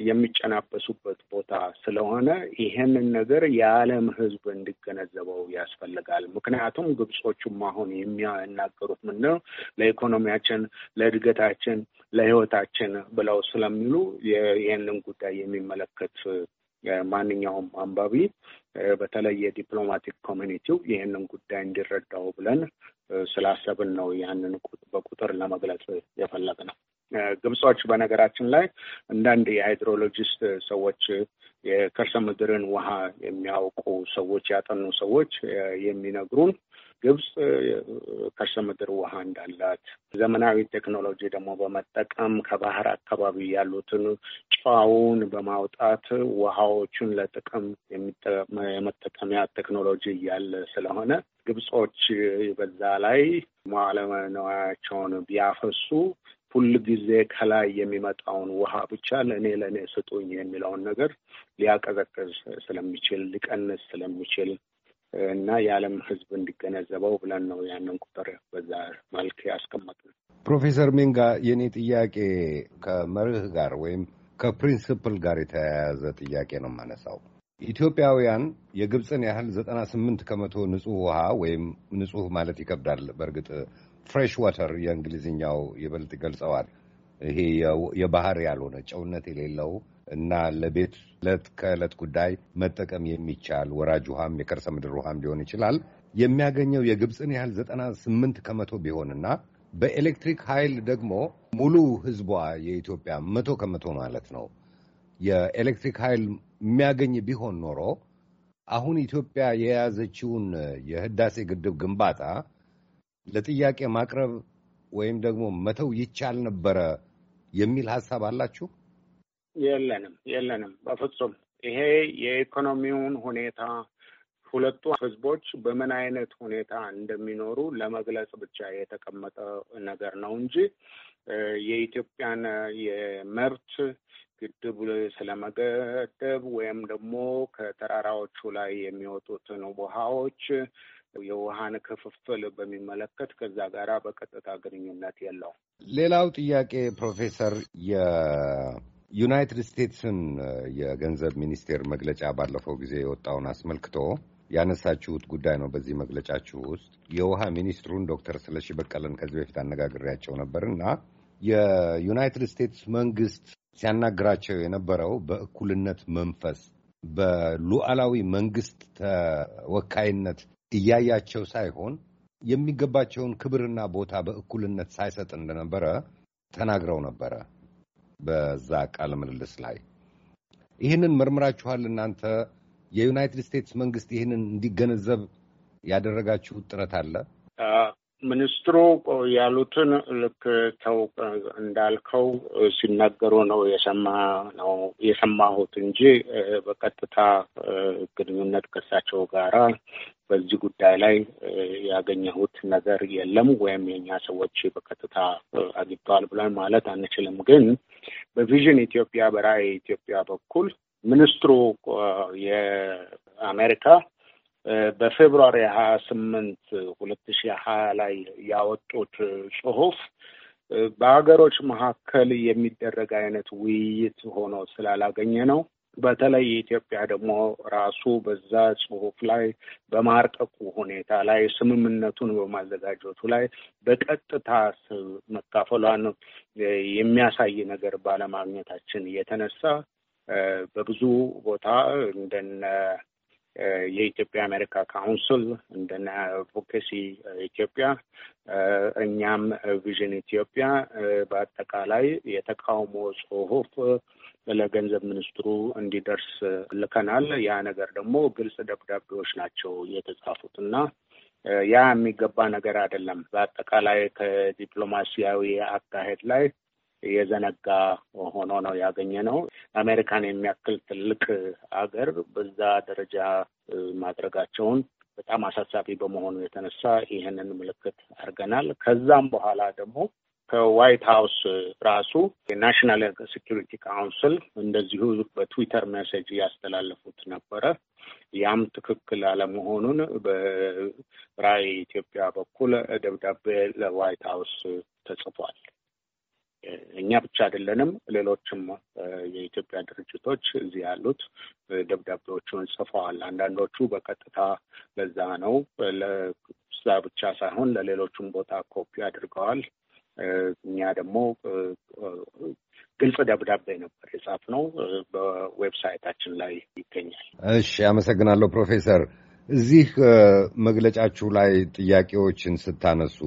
የሚጨናበሱበት ቦታ ስለሆነ ይህንን ነገር የዓለም ሕዝብ እንዲገነዘበው ያስፈልጋል። ምክንያቱም ግብጾቹም አሁን የሚናገሩት ምንድነው ለኢኮኖሚያችን፣ ለእድገታችን፣ ለሕይወታችን ብለው ስለሚሉ ይህንን ጉዳይ የሚመለከት ማንኛውም አንባቢ በተለይ የዲፕሎማቲክ ኮሚኒቲው ይህንን ጉዳይ እንዲረዳው ብለን ስላሰብን ነው ያንን በቁጥር ለመግለጽ የፈለግ ነው። ግብጾች በነገራችን ላይ አንዳንድ የሃይድሮሎጂስት ሰዎች የከርሰ ምድርን ውሃ የሚያውቁ ሰዎች ያጠኑ ሰዎች የሚነግሩን ግብጽ ከርሰ ምድር ውሃ እንዳላት ዘመናዊ ቴክኖሎጂ ደግሞ በመጠቀም ከባህር አካባቢ ያሉትን ጨዋውን በማውጣት ውሃዎቹን ለጥቅም የመጠቀሚያ ቴክኖሎጂ እያለ ስለሆነ ግብጾች በዛ ላይ መዋዕለ ንዋያቸውን ቢያፈሱ ሁል ጊዜ ከላይ የሚመጣውን ውሃ ብቻ ለእኔ ለእኔ ስጡኝ የሚለውን ነገር ሊያቀዘቅዝ ስለሚችል ሊቀንስ ስለሚችል እና የዓለም ሕዝብ እንዲገነዘበው ብለን ነው ያንን ቁጥር በዛ መልክ ያስቀመጥነው። ፕሮፌሰር ሜንጋ የእኔ ጥያቄ ከመርህ ጋር ወይም ከፕሪንስፕል ጋር የተያያዘ ጥያቄ ነው የማነሳው። ኢትዮጵያውያን የግብፅን ያህል 98 ከመቶ ንጹህ ውሃ ወይም ንጹህ ማለት ይከብዳል። በእርግጥ ፍሬሽ ዋተር የእንግሊዝኛው ይበልጥ ይገልጸዋል። ይሄ የባህር ያልሆነ ጨውነት የሌለው እና ለቤት ዕለት ከዕለት ጉዳይ መጠቀም የሚቻል ወራጅ ውሃም የከርሰ ምድር ውሃም ሊሆን ይችላል የሚያገኘው የግብፅን ያህል 98 ከመቶ ቢሆንና በኤሌክትሪክ ኃይል ደግሞ ሙሉ ህዝቧ የኢትዮጵያ መቶ ከመቶ ማለት ነው የኤሌክትሪክ ኃይል የሚያገኝ ቢሆን ኖሮ አሁን ኢትዮጵያ የያዘችውን የህዳሴ ግድብ ግንባታ ለጥያቄ ማቅረብ ወይም ደግሞ መተው ይቻል ነበረ የሚል ሀሳብ አላችሁ? የለንም፣ የለንም በፍጹም። ይሄ የኢኮኖሚውን ሁኔታ ሁለቱ ህዝቦች በምን አይነት ሁኔታ እንደሚኖሩ ለመግለጽ ብቻ የተቀመጠ ነገር ነው እንጂ የኢትዮጵያን የመብት ግድብ ስለመገደብ ወይም ደግሞ ከተራራዎቹ ላይ የሚወጡትን ውሃዎች የውሃን ክፍፍል በሚመለከት ከዛ ጋር በቀጥታ ግንኙነት የለው። ሌላው ጥያቄ ፕሮፌሰር የዩናይትድ ስቴትስን የገንዘብ ሚኒስቴር መግለጫ ባለፈው ጊዜ የወጣውን አስመልክቶ ያነሳችሁት ጉዳይ ነው። በዚህ መግለጫችሁ ውስጥ የውሃ ሚኒስትሩን ዶክተር ስለሺ በቀለን ከዚህ በፊት አነጋግሬያቸው ነበር እና የዩናይትድ ስቴትስ መንግስት ሲያናግራቸው የነበረው በእኩልነት መንፈስ በሉዓላዊ መንግስት ተወካይነት እያያቸው ሳይሆን የሚገባቸውን ክብርና ቦታ በእኩልነት ሳይሰጥ እንደነበረ ተናግረው ነበረ በዛ ቃለ ምልልስ ላይ። ይህንን መርምራችኋል እናንተ? የዩናይትድ ስቴትስ መንግስት ይህንን እንዲገነዘብ ያደረጋችሁት ጥረት አለ? ሚኒስትሩ ያሉትን ልክ ተው እንዳልከው ሲናገሩ ነው የሰማ ነው የሰማሁት እንጂ በቀጥታ ግንኙነት ከእሳቸው ጋራ በዚህ ጉዳይ ላይ ያገኘሁት ነገር የለም ወይም የኛ ሰዎች በቀጥታ አግኝተዋል ብለን ማለት አንችልም። ግን በቪዥን ኢትዮጵያ በራዕይ ኢትዮጵያ በኩል ሚኒስትሩ የአሜሪካ በፌብሯሪ ሀያ ስምንት ሁለት ሺ ሀያ ላይ ያወጡት ጽሁፍ በሀገሮች መካከል የሚደረግ አይነት ውይይት ሆኖ ስላላገኘ ነው። በተለይ ኢትዮጵያ ደግሞ ራሱ በዛ ጽሁፍ ላይ በማርቀቁ ሁኔታ ላይ ስምምነቱን በማዘጋጀቱ ላይ በቀጥታ መካፈሏን የሚያሳይ ነገር ባለማግኘታችን የተነሳ በብዙ ቦታ እንደነ የኢትዮጵያ አሜሪካ ካውንስል እንደነ አድቮኬሲ ኢትዮጵያ እኛም ቪዥን ኢትዮጵያ በአጠቃላይ የተቃውሞ ጽሁፍ ለገንዘብ ሚኒስትሩ እንዲደርስ ልከናል። ያ ነገር ደግሞ ግልጽ ደብዳቤዎች ናቸው የተጻፉት እና ያ የሚገባ ነገር አይደለም። በአጠቃላይ ከዲፕሎማሲያዊ አካሄድ ላይ የዘነጋ ሆኖ ነው ያገኘ ነው። አሜሪካን የሚያክል ትልቅ አገር በዛ ደረጃ ማድረጋቸውን በጣም አሳሳቢ በመሆኑ የተነሳ ይህንን ምልክት አድርገናል። ከዛም በኋላ ደግሞ ከዋይት ሀውስ ራሱ የናሽናል ሴኪሪቲ ካውንስል እንደዚሁ በትዊተር ሜሴጅ ያስተላለፉት ነበረ። ያም ትክክል አለመሆኑን በራይ ኢትዮጵያ በኩል ደብዳቤ ለዋይት ሀውስ ተጽፏል። እኛ ብቻ አይደለንም። ሌሎችም የኢትዮጵያ ድርጅቶች እዚህ ያሉት ደብዳቤዎቹን ጽፈዋል። አንዳንዶቹ በቀጥታ ለዛ ነው ለዛ ብቻ ሳይሆን ለሌሎቹም ቦታ ኮፒ አድርገዋል። እኛ ደግሞ ግልጽ ደብዳቤ ነበር የጻፍነው፣ በዌብሳይታችን ላይ ይገኛል። እሺ፣ አመሰግናለሁ ፕሮፌሰር። እዚህ መግለጫችሁ ላይ ጥያቄዎችን ስታነሱ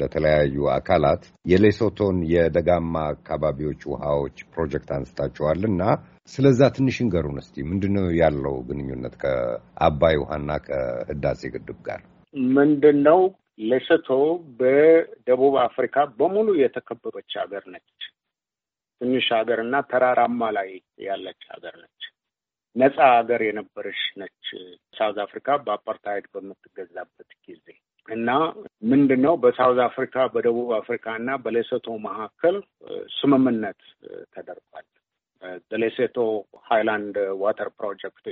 ለተለያዩ አካላት የሌሶቶን የደጋማ አካባቢዎች ውሃዎች ፕሮጀክት አንስታችኋል እና ስለዛ ትንሽ እንገሩን እስቲ። ምንድን ነው ያለው ግንኙነት ከአባይ ውሃና ከህዳሴ ግድብ ጋር? ምንድን ነው ሌሶቶ በደቡብ አፍሪካ በሙሉ የተከበበች ሀገር ነች። ትንሽ ሀገር እና ተራራማ ላይ ያለች ሀገር ነች። ነፃ ሀገር የነበረች ነች ሳውዝ አፍሪካ በአፓርታይድ በምትገዛበት ጊዜ እና ምንድን ነው በሳውዝ አፍሪካ በደቡብ አፍሪካ እና በሌሰቶ መካከል ስምምነት ተደርጓል። በሌሴቶ ሃይላንድ ዋተር ፕሮጀክት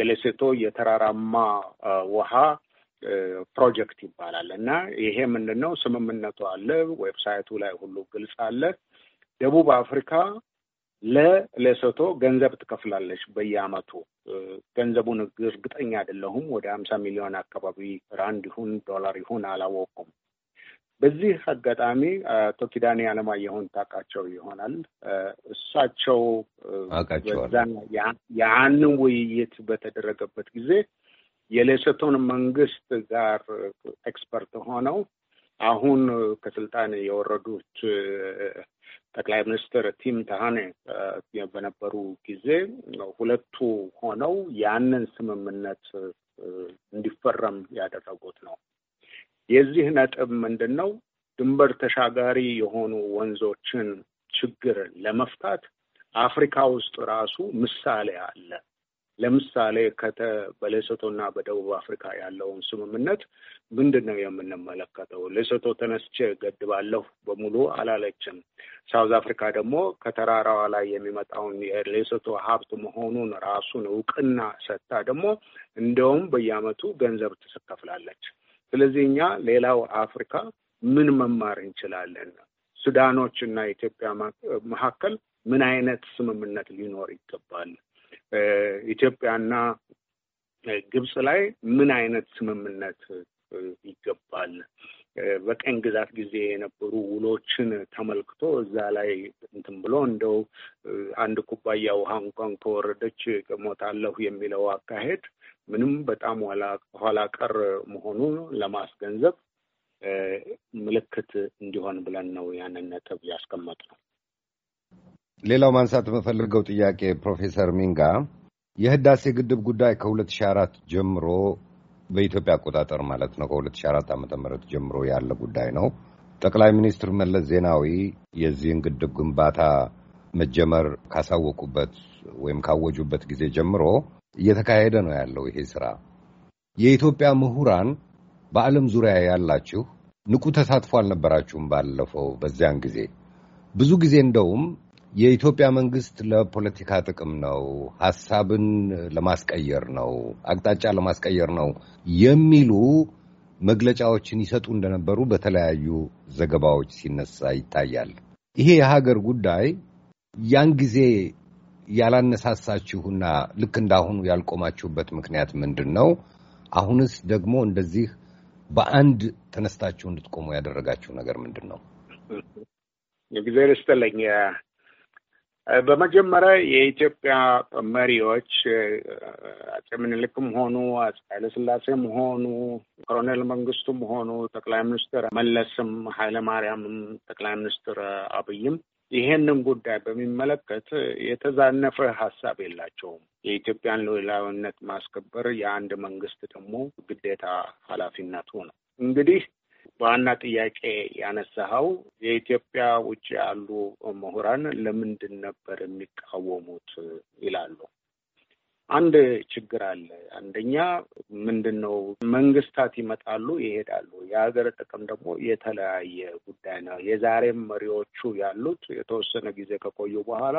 የሌሴቶ የተራራማ ውሃ ፕሮጀክት ይባላል እና ይሄ ምንድን ነው ስምምነቱ አለ። ዌብሳይቱ ላይ ሁሉ ግልጽ አለ። ደቡብ አፍሪካ ለሌሶቶ ገንዘብ ትከፍላለች በየአመቱ። ገንዘቡን እርግጠኛ አይደለሁም። ወደ ሀምሳ ሚሊዮን አካባቢ ራንድ ይሁን ዶላር ይሁን አላወቁም። በዚህ አጋጣሚ አቶ ኪዳኔ አለማየሁን ታውቃቸው ይሆናል። እሳቸው ያንን ውይይት በተደረገበት ጊዜ የሌሶቶን መንግስት ጋር ኤክስፐርት ሆነው አሁን ከስልጣን የወረዱት ጠቅላይ ሚኒስትር ቲም ታሃኔ በነበሩ ጊዜ ሁለቱ ሆነው ያንን ስምምነት እንዲፈረም ያደረጉት ነው። የዚህ ነጥብ ምንድን ነው? ድንበር ተሻጋሪ የሆኑ ወንዞችን ችግር ለመፍታት አፍሪካ ውስጥ ራሱ ምሳሌ አለ። ለምሳሌ እና በደቡብ አፍሪካ ያለውን ስምምነት ምንድን ነው የምንመለከተው? ሌሶቶ ተነስቼ ገድባለሁ በሙሉ አላለችም። ሳውዝ አፍሪካ ደግሞ ከተራራዋ ላይ የሚመጣውን የሌሶቶ ሀብት መሆኑን ራሱን እውቅና ሰጥታ ደግሞ እንደውም በየዓመቱ ገንዘብ ትከፍላለች። ስለዚህ እኛ ሌላው አፍሪካ ምን መማር እንችላለን? ሱዳኖች እና ኢትዮጵያ መካከል ምን አይነት ስምምነት ሊኖር ይገባል? ኢትዮጵያና ግብጽ ላይ ምን አይነት ስምምነት ይገባል? በቀኝ ግዛት ጊዜ የነበሩ ውሎችን ተመልክቶ እዛ ላይ እንትን ብሎ እንደው አንድ ኩባያ ውሃ እንኳን ከወረደች ሞታለሁ የሚለው አካሄድ ምንም በጣም ኋላ ቀር መሆኑን ለማስገንዘብ ምልክት እንዲሆን ብለን ነው ያንን ነጥብ ነው። ሌላው ማንሳት የምፈልገው ጥያቄ ፕሮፌሰር ሚንጋ የህዳሴ ግድብ ጉዳይ ከ2004 ጀምሮ በኢትዮጵያ አቆጣጠር ማለት ነው ከ2004 ዓ ም ጀምሮ ያለ ጉዳይ ነው። ጠቅላይ ሚኒስትር መለስ ዜናዊ የዚህን ግድብ ግንባታ መጀመር ካሳወቁበት ወይም ካወጁበት ጊዜ ጀምሮ እየተካሄደ ነው ያለው ይሄ ስራ። የኢትዮጵያ ምሁራን በዓለም ዙሪያ ያላችሁ ንቁ ተሳትፎ አልነበራችሁም ባለፈው በዚያን ጊዜ ብዙ ጊዜ እንደውም የኢትዮጵያ መንግስት ለፖለቲካ ጥቅም ነው፣ ሀሳብን ለማስቀየር ነው፣ አቅጣጫ ለማስቀየር ነው የሚሉ መግለጫዎችን ይሰጡ እንደነበሩ በተለያዩ ዘገባዎች ሲነሳ ይታያል። ይሄ የሀገር ጉዳይ ያን ጊዜ ያላነሳሳችሁና ልክ እንዳሁኑ ያልቆማችሁበት ምክንያት ምንድን ነው? አሁንስ ደግሞ እንደዚህ በአንድ ተነስታችሁ እንድትቆሙ ያደረጋችሁ ነገር ምንድን ነው? እግዚአብሔር ይስጥልኝ። በመጀመሪያ የኢትዮጵያ መሪዎች አጼ ምኒልክም ሆኑ አጼ ኃይለስላሴም ሆኑ ኮሎኔል መንግስቱም ሆኑ ጠቅላይ ሚኒስትር መለስም ኃይለማርያምም ጠቅላይ ሚኒስትር አብይም ይሄንን ጉዳይ በሚመለከት የተዛነፈ ሀሳብ የላቸውም። የኢትዮጵያን ሉዓላዊነት ማስከበር የአንድ መንግስት ደግሞ ግዴታ ኃላፊነቱ ነው። እንግዲህ በዋና ጥያቄ ያነሳኸው የኢትዮጵያ ውጭ ያሉ ምሁራን ለምንድን ነበር የሚቃወሙት ይላሉ። አንድ ችግር አለ። አንደኛ ምንድን ነው መንግስታት ይመጣሉ፣ ይሄዳሉ። የሀገር ጥቅም ደግሞ የተለያየ ጉዳይ ነው። የዛሬም መሪዎቹ ያሉት የተወሰነ ጊዜ ከቆዩ በኋላ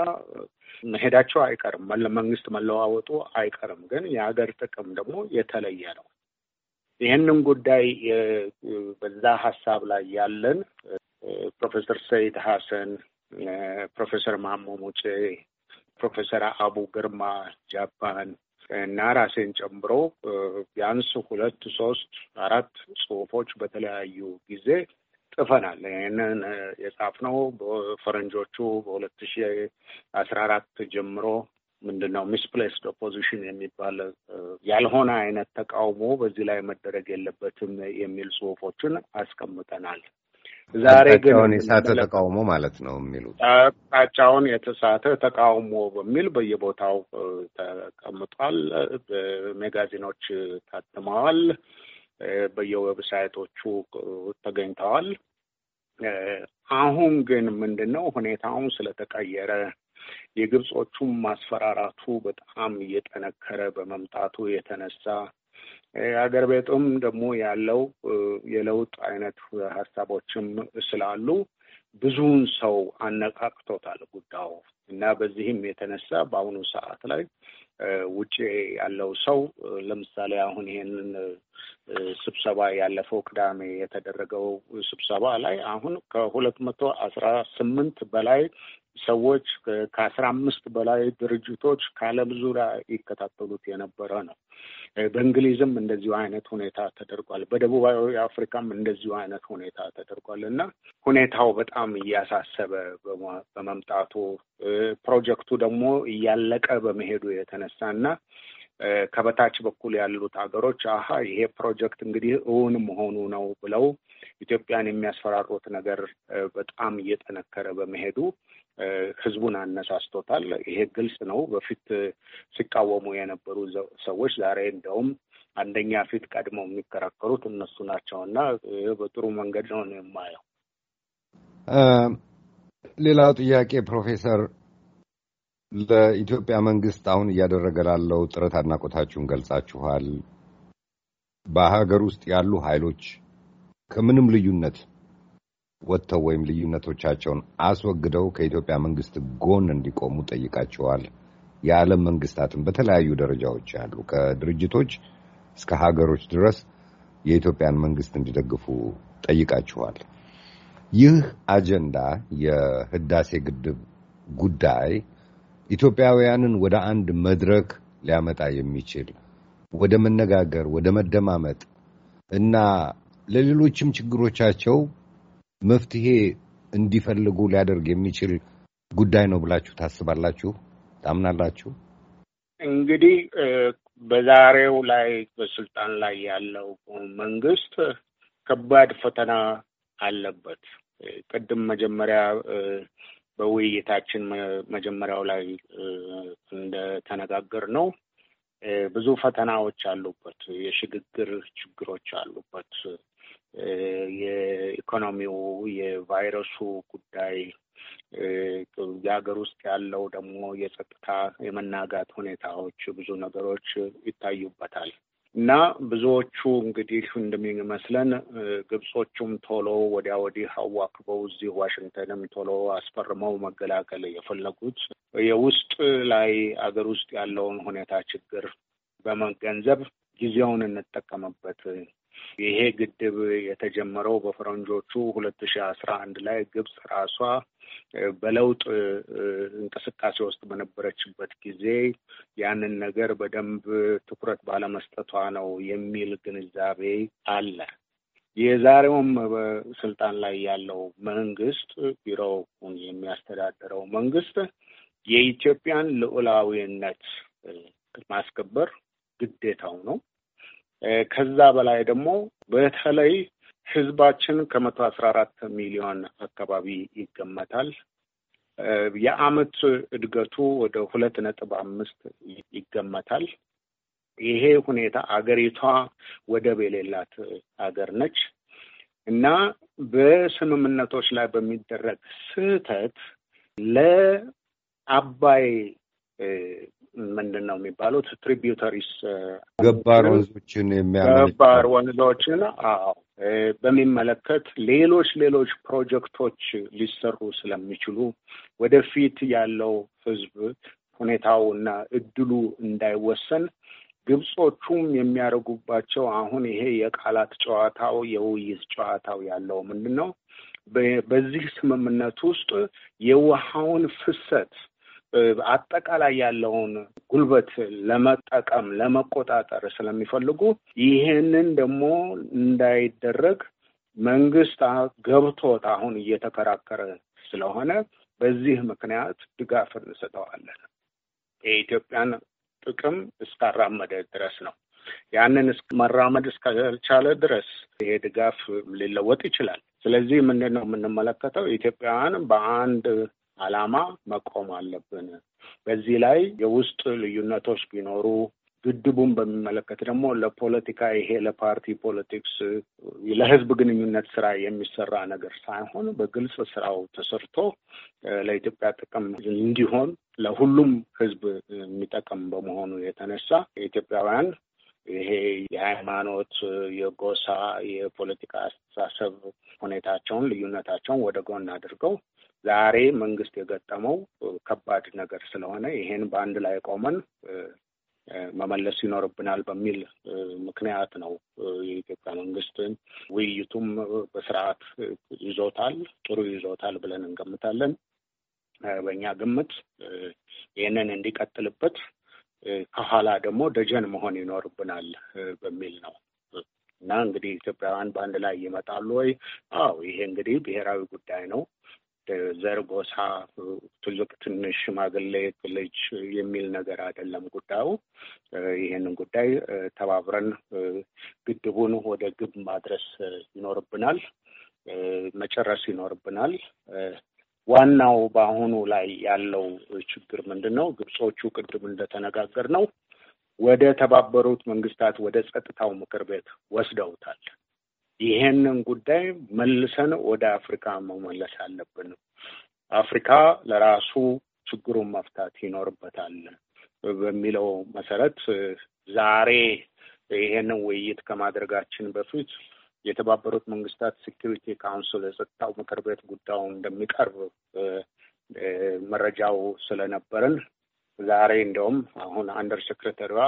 መሄዳቸው አይቀርም፣ መንግስት መለዋወጡ አይቀርም። ግን የሀገር ጥቅም ደግሞ የተለየ ነው። ይህንን ጉዳይ በዛ ሀሳብ ላይ ያለን ፕሮፌሰር ሰይድ ሀሰን፣ ፕሮፌሰር ማሞ ሙጬ፣ ፕሮፌሰር አቡ ግርማ ጃፓን እና ራሴን ጨምሮ ቢያንስ ሁለት ሶስት አራት ጽሁፎች በተለያዩ ጊዜ ጽፈናል። ይህንን የጻፍነው በፈረንጆቹ በሁለት ሺ አስራ አራት ጀምሮ ምንድነው ሚስፕሌስድ ኦፖዚሽን የሚባል ያልሆነ አይነት ተቃውሞ በዚህ ላይ መደረግ የለበትም የሚል ጽሁፎችን አስቀምጠናል። ዛሬ ግን የሳተ ተቃውሞ ማለት ነው የሚሉት አቅጣጫውን የተሳተ ተቃውሞ በሚል በየቦታው ተቀምጧል። በሜጋዚኖች ታትመዋል። በየዌብሳይቶቹ ተገኝተዋል። አሁን ግን ምንድን ነው ሁኔታውን ስለተቀየረ የግብጾቹም ማስፈራራቱ በጣም እየጠነከረ በመምጣቱ የተነሳ አገር ቤቱም ደግሞ ያለው የለውጥ አይነት ሀሳቦችም ስላሉ ብዙውን ሰው አነቃቅቶታል ጉዳዩ እና በዚህም የተነሳ በአሁኑ ሰዓት ላይ ውጭ ያለው ሰው ለምሳሌ አሁን ይሄንን ስብሰባ ያለፈው ቅዳሜ የተደረገው ስብሰባ ላይ አሁን ከሁለት መቶ አስራ ስምንት በላይ ሰዎች ከአስራ አምስት በላይ ድርጅቶች ከዓለም ዙሪያ ይከታተሉት የነበረ ነው። በእንግሊዝም እንደዚሁ አይነት ሁኔታ ተደርጓል። በደቡባዊ አፍሪካም እንደዚሁ አይነት ሁኔታ ተደርጓል እና ሁኔታው በጣም እያሳሰበ በመምጣቱ ፕሮጀክቱ ደግሞ እያለቀ በመሄዱ የተነ የሚነሳ እና ከበታች በኩል ያሉት ሀገሮች አሀ ይሄ ፕሮጀክት እንግዲህ እውን መሆኑ ነው ብለው ኢትዮጵያን የሚያስፈራሩት ነገር በጣም እየጠነከረ በመሄዱ ህዝቡን አነሳስቶታል። ይሄ ግልጽ ነው። በፊት ሲቃወሙ የነበሩ ሰዎች ዛሬ እንደውም አንደኛ ፊት ቀድመው የሚከራከሩት እነሱ ናቸው እና በጥሩ መንገድ ነው የማየው። ሌላው ጥያቄ ፕሮፌሰር ለኢትዮጵያ መንግስት አሁን እያደረገ ላለው ጥረት አድናቆታችሁን ገልጻችኋል። በሀገር ውስጥ ያሉ ኃይሎች ከምንም ልዩነት ወጥተው ወይም ልዩነቶቻቸውን አስወግደው ከኢትዮጵያ መንግስት ጎን እንዲቆሙ ጠይቃችኋል። የዓለም መንግስታትም በተለያዩ ደረጃዎች ያሉ ከድርጅቶች እስከ ሀገሮች ድረስ የኢትዮጵያን መንግስት እንዲደግፉ ጠይቃችኋል። ይህ አጀንዳ የህዳሴ ግድብ ጉዳይ ኢትዮጵያውያንን ወደ አንድ መድረክ ሊያመጣ የሚችል ወደ መነጋገር፣ ወደ መደማመጥ እና ለሌሎችም ችግሮቻቸው መፍትሄ እንዲፈልጉ ሊያደርግ የሚችል ጉዳይ ነው ብላችሁ ታስባላችሁ? ታምናላችሁ? እንግዲህ በዛሬው ላይ በስልጣን ላይ ያለው መንግስት ከባድ ፈተና አለበት። ቅድም መጀመሪያ በውይይታችን መጀመሪያው ላይ እንደተነጋገር ነው ብዙ ፈተናዎች አሉበት። የሽግግር ችግሮች አሉበት። የኢኮኖሚው የቫይረሱ ጉዳይ፣ የሀገር ውስጥ ያለው ደግሞ የጸጥታ የመናጋት ሁኔታዎች ብዙ ነገሮች ይታዩበታል። እና ብዙዎቹ እንግዲህ እንደሚመስለን ግብጾቹም ቶሎ ወዲያ ወዲህ አዋክበው እዚህ ዋሽንግተንም ቶሎ አስፈርመው መገላገል የፈለጉት የውስጥ ላይ አገር ውስጥ ያለውን ሁኔታ ችግር በመገንዘብ ጊዜውን እንጠቀምበት ይሄ ግድብ የተጀመረው በፈረንጆቹ ሁለት ሺ አስራ አንድ ላይ ግብጽ ራሷ በለውጥ እንቅስቃሴ ውስጥ በነበረችበት ጊዜ ያንን ነገር በደንብ ትኩረት ባለመስጠቷ ነው የሚል ግንዛቤ አለ። የዛሬውም በስልጣን ላይ ያለው መንግስት ቢሮውን የሚያስተዳድረው መንግስት የኢትዮጵያን ልዑላዊነት ማስከበር ግዴታው ነው። ከዛ በላይ ደግሞ በተለይ ህዝባችን ከመቶ አስራ አራት ሚሊዮን አካባቢ ይገመታል። የአመት እድገቱ ወደ ሁለት ነጥብ አምስት ይገመታል። ይሄ ሁኔታ አገሪቷ ወደብ የሌላት አገር ነች እና በስምምነቶች ላይ በሚደረግ ስህተት ለአባይ ምንድን ነው የሚባሉት ትሪቢዩተሪስ ገባር ወንዞችን ገባር ወንዞችን አዎ በሚመለከት ሌሎች ሌሎች ፕሮጀክቶች ሊሰሩ ስለሚችሉ ወደፊት ያለው ህዝብ ሁኔታው እና እድሉ እንዳይወሰን ግብጾቹም የሚያደርጉባቸው አሁን ይሄ የቃላት ጨዋታው የውይይት ጨዋታው ያለው ምንድን ነው በዚህ ስምምነት ውስጥ የውሃውን ፍሰት አጠቃላይ ያለውን ጉልበት ለመጠቀም ለመቆጣጠር ስለሚፈልጉ ይህንን ደግሞ እንዳይደረግ መንግስት ገብቶት አሁን እየተከራከረ ስለሆነ በዚህ ምክንያት ድጋፍ እንሰጠዋለን። የኢትዮጵያን ጥቅም እስካራመደ ድረስ ነው። ያንን መራመድ እስካልቻለ ድረስ ይሄ ድጋፍ ሊለወጥ ይችላል። ስለዚህ ምንድን ነው የምንመለከተው? ኢትዮጵያውያን በአንድ ዓላማ መቆም አለብን። በዚህ ላይ የውስጥ ልዩነቶች ቢኖሩ ግድቡን በሚመለከት ደግሞ ለፖለቲካ ይሄ ለፓርቲ ፖለቲክስ ለህዝብ ግንኙነት ስራ የሚሰራ ነገር ሳይሆን በግልጽ ስራው ተሰርቶ ለኢትዮጵያ ጥቅም እንዲሆን ለሁሉም ህዝብ የሚጠቅም በመሆኑ የተነሳ የኢትዮጵያውያን ይሄ የሃይማኖት፣ የጎሳ፣ የፖለቲካ አስተሳሰብ ሁኔታቸውን ልዩነታቸውን ወደ ጎን አድርገው ዛሬ መንግስት የገጠመው ከባድ ነገር ስለሆነ ይሄን በአንድ ላይ ቆመን መመለስ ይኖርብናል በሚል ምክንያት ነው የኢትዮጵያ መንግስት ውይይቱም በስርዓት ይዞታል፣ ጥሩ ይዞታል ብለን እንገምታለን። በእኛ ግምት ይህንን እንዲቀጥልበት ከኋላ ደግሞ ደጀን መሆን ይኖርብናል በሚል ነው። እና እንግዲህ ኢትዮጵያውያን በአንድ ላይ ይመጣሉ ወይ? አዎ፣ ይሄ እንግዲህ ብሔራዊ ጉዳይ ነው። ዘር፣ ጎሳ፣ ትልቅ ትንሽ፣ ሽማግሌ፣ ልጅ የሚል ነገር አይደለም ጉዳዩ። ይሄንን ጉዳይ ተባብረን ግድቡን ወደ ግብ ማድረስ ይኖርብናል፣ መጨረስ ይኖርብናል። ዋናው በአሁኑ ላይ ያለው ችግር ምንድን ነው? ግብጾቹ ቅድም እንደተነጋገር ነው ወደ ተባበሩት መንግስታት ወደ ጸጥታው ምክር ቤት ወስደውታል። ይሄንን ጉዳይ መልሰን ወደ አፍሪካ መመለስ አለብን። አፍሪካ ለራሱ ችግሩን መፍታት ይኖርበታል በሚለው መሰረት ዛሬ ይሄንን ውይይት ከማድረጋችን በፊት የተባበሩት መንግስታት ሴኪሪቲ ካውንስል የጸጥታው ምክር ቤት ጉዳዩ እንደሚቀርብ መረጃው ስለነበረን ዛሬ እንደውም አሁን አንደር ሴክሬታሪዋ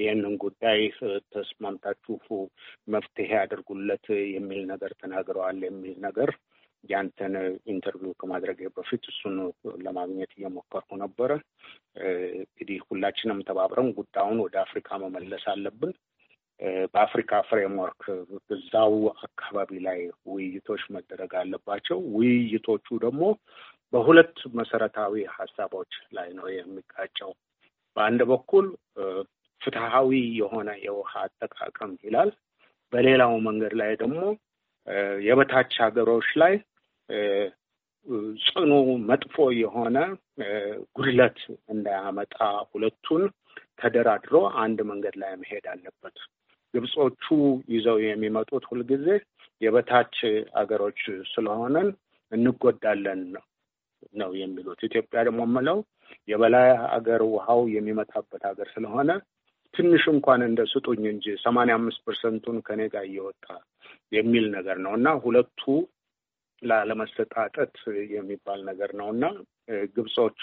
ይህንን ጉዳይ ተስማምታችሁ መፍትሄ አድርጉለት የሚል ነገር ተናግረዋል የሚል ነገር ያንተን ኢንተርቪው ከማድረግ በፊት እሱን ለማግኘት እየሞከርኩ ነበረ። እንግዲህ ሁላችንም ተባብረን ጉዳዩን ወደ አፍሪካ መመለስ አለብን። በአፍሪካ ፍሬምወርክ በዛው አካባቢ ላይ ውይይቶች መደረግ አለባቸው። ውይይቶቹ ደግሞ በሁለት መሰረታዊ ሀሳቦች ላይ ነው የሚቃጨው። በአንድ በኩል ፍትሐዊ የሆነ የውሃ አጠቃቀም ይላል። በሌላው መንገድ ላይ ደግሞ የበታች ሀገሮች ላይ ጽኑ መጥፎ የሆነ ጉድለት እንዳያመጣ ሁለቱን ተደራድሮ አንድ መንገድ ላይ መሄድ አለበት። ግብጾቹ ይዘው የሚመጡት ሁልጊዜ የበታች አገሮች ስለሆነን እንጎዳለን ነው ነው የሚሉት። ኢትዮጵያ ደግሞ የምለው የበላይ አገር ውሃው የሚመጣበት ሀገር ስለሆነ ትንሽ እንኳን እንደ ስጡኝ እንጂ ሰማንያ አምስት ፐርሰንቱን ከኔ ጋር እየወጣ የሚል ነገር ነው እና ሁለቱ ላለመሰጣጠት የሚባል ነገር ነው እና ግብጾቹ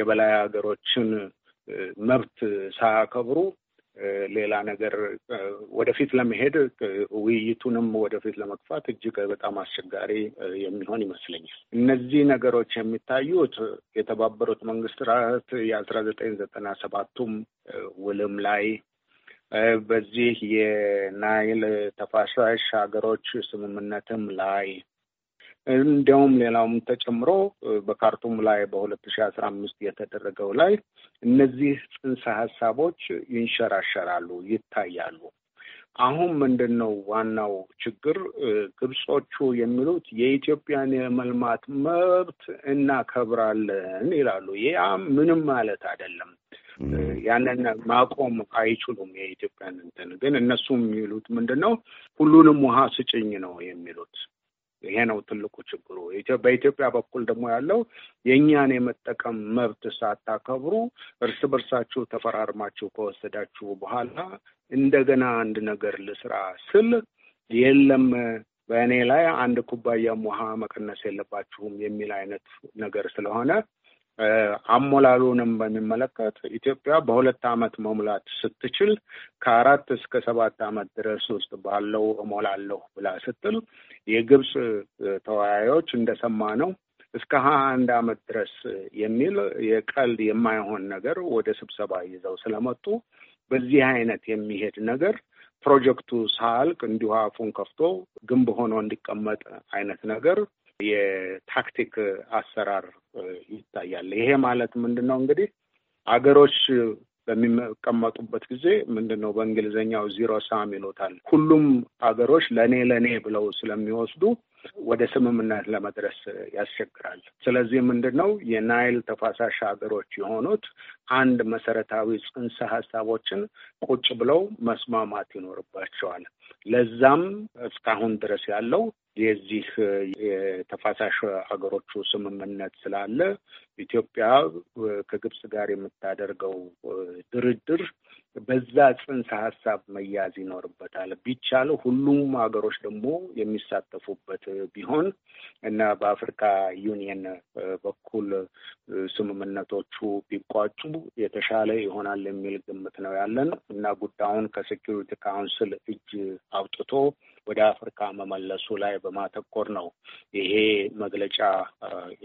የበላይ ሀገሮችን መብት ሳያከብሩ ሌላ ነገር ወደፊት ለመሄድ ውይይቱንም ወደፊት ለመግፋት እጅግ በጣም አስቸጋሪ የሚሆን ይመስለኛል። እነዚህ ነገሮች የሚታዩት የተባበሩት መንግስታት የአስራ ዘጠኝ ዘጠና ሰባቱም ውልም ላይ በዚህ የናይል ተፋሳሽ ሀገሮች ስምምነትም ላይ እንዲያውም ሌላውም ተጨምሮ በካርቱም ላይ በሁለት ሺ አስራ አምስት የተደረገው ላይ እነዚህ ጽንሰ ሀሳቦች ይንሸራሸራሉ፣ ይታያሉ። አሁን ምንድን ነው ዋናው ችግር? ግብጾቹ የሚሉት የኢትዮጵያን የመልማት መብት እናከብራለን ይላሉ። ያ ምንም ማለት አይደለም። ያንን ማቆም አይችሉም። የኢትዮጵያን እንትን ግን እነሱ የሚሉት ምንድን ነው? ሁሉንም ውሃ ስጭኝ ነው የሚሉት። ይሄ ነው ትልቁ ችግሩ። በኢትዮጵያ በኩል ደግሞ ያለው የእኛን የመጠቀም መብት ሳታከብሩ እርስ በርሳችሁ ተፈራርማችሁ ከወሰዳችሁ በኋላ እንደገና አንድ ነገር ልስራ ስል የለም በእኔ ላይ አንድ ኩባያም ውሃ መቀነስ የለባችሁም የሚል አይነት ነገር ስለሆነ አሞላሉንም በሚመለከት ኢትዮጵያ በሁለት ዓመት መሙላት ስትችል ከአራት እስከ ሰባት ዓመት ድረስ ውስጥ ባለው እሞላለሁ ብላ ስትል የግብፅ ተወያዮች እንደሰማ ነው እስከ ሀያ አንድ ዓመት ድረስ የሚል የቀልድ የማይሆን ነገር ወደ ስብሰባ ይዘው ስለመጡ በዚህ አይነት የሚሄድ ነገር ፕሮጀክቱ ሳልቅ እንዲሁ አፉን ከፍቶ ግንብ ሆኖ እንዲቀመጥ አይነት ነገር የታክቲክ አሰራር ይታያል። ይሄ ማለት ምንድን ነው እንግዲህ አገሮች በሚቀመጡበት ጊዜ ምንድን ነው በእንግሊዝኛው ዚሮ ሳም ይሉታል። ሁሉም አገሮች ለእኔ ለእኔ ብለው ስለሚወስዱ ወደ ስምምነት ለመድረስ ያስቸግራል። ስለዚህ ምንድን ነው የናይል ተፋሳሽ ሀገሮች የሆኑት አንድ መሰረታዊ ጽንሰ ሀሳቦችን ቁጭ ብለው መስማማት ይኖርባቸዋል። ለዛም እስካሁን ድረስ ያለው የዚህ የተፋሳሽ ሀገሮቹ ስምምነት ስላለ ኢትዮጵያ ከግብጽ ጋር የምታደርገው ድርድር በዛ ጽንሰ ሀሳብ መያዝ ይኖርበታል። ቢቻል ሁሉም ሀገሮች ደግሞ የሚሳተፉበት ቢሆን እና በአፍሪካ ዩኒየን በኩል ስምምነቶቹ ቢቋጩ የተሻለ ይሆናል የሚል ግምት ነው ያለን እና ጉዳዩን ከሴኪሪቲ ካውንስል እጅ አውጥቶ ወደ አፍሪካ መመለሱ ላይ በማተኮር ነው ይሄ መግለጫ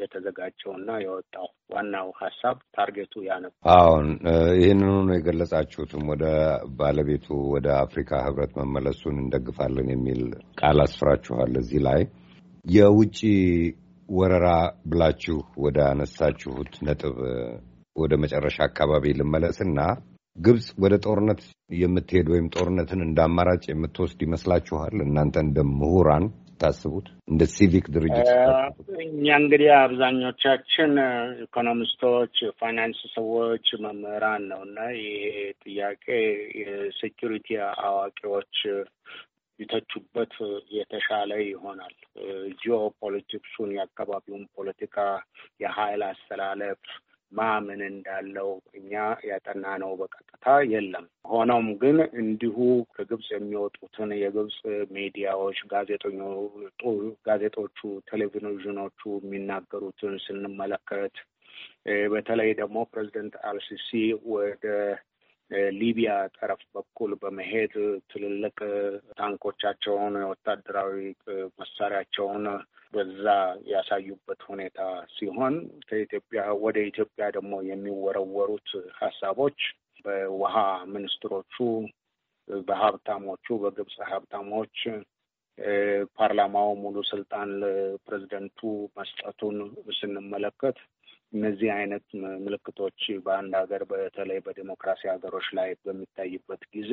የተዘጋጀውና የወጣው ዋናው ሀሳብ ታርጌቱ ያ ነው። አሁን ይህንኑ ነው የገለጻችሁትም ወደ ባለቤቱ ወደ አፍሪካ ህብረት መመለሱን እንደግፋለን የሚል ቃል አስፍራችኋል። እዚህ ላይ የውጭ ወረራ ብላችሁ ወደ አነሳችሁት ነጥብ ወደ መጨረሻ አካባቢ ልመለስና ግብፅ ወደ ጦርነት የምትሄድ ወይም ጦርነትን እንደ አማራጭ የምትወስድ ይመስላችኋል? እናንተ እንደ ምሁራን ታስቡት እንደ ሲቪክ ድርጅት እኛ እንግዲህ አብዛኞቻችን ኢኮኖሚስቶች፣ ፋይናንስ ሰዎች፣ መምህራን ነው እና ይሄ ጥያቄ የሴኪሪቲ አዋቂዎች ይተቹበት የተሻለ ይሆናል። ጂኦ ፖለቲክሱን፣ የአካባቢውን ፖለቲካ፣ የሀይል አስተላለፍ ማምን እንዳለው እኛ ያጠናነው በቀጥታ የለም። ሆኖም ግን እንዲሁ ከግብፅ የሚወጡትን የግብፅ ሚዲያዎች፣ ጋዜጦቹ፣ ቴሌቪዥኖቹ የሚናገሩትን ስንመለከት በተለይ ደግሞ ፕሬዚደንት አልሲሲ ወደ ሊቢያ ጠረፍ በኩል በመሄድ ትልልቅ ታንኮቻቸውን፣ ወታደራዊ መሳሪያቸውን በዛ ያሳዩበት ሁኔታ ሲሆን ከኢትዮጵያ ወደ ኢትዮጵያ ደግሞ የሚወረወሩት ሀሳቦች በውሃ ሚኒስትሮቹ፣ በሀብታሞቹ፣ በግብፅ ሀብታሞች ፓርላማው ሙሉ ስልጣን ለፕሬዚደንቱ መስጠቱን ስንመለከት እነዚህ አይነት ምልክቶች በአንድ ሀገር በተለይ በዲሞክራሲ ሀገሮች ላይ በሚታይበት ጊዜ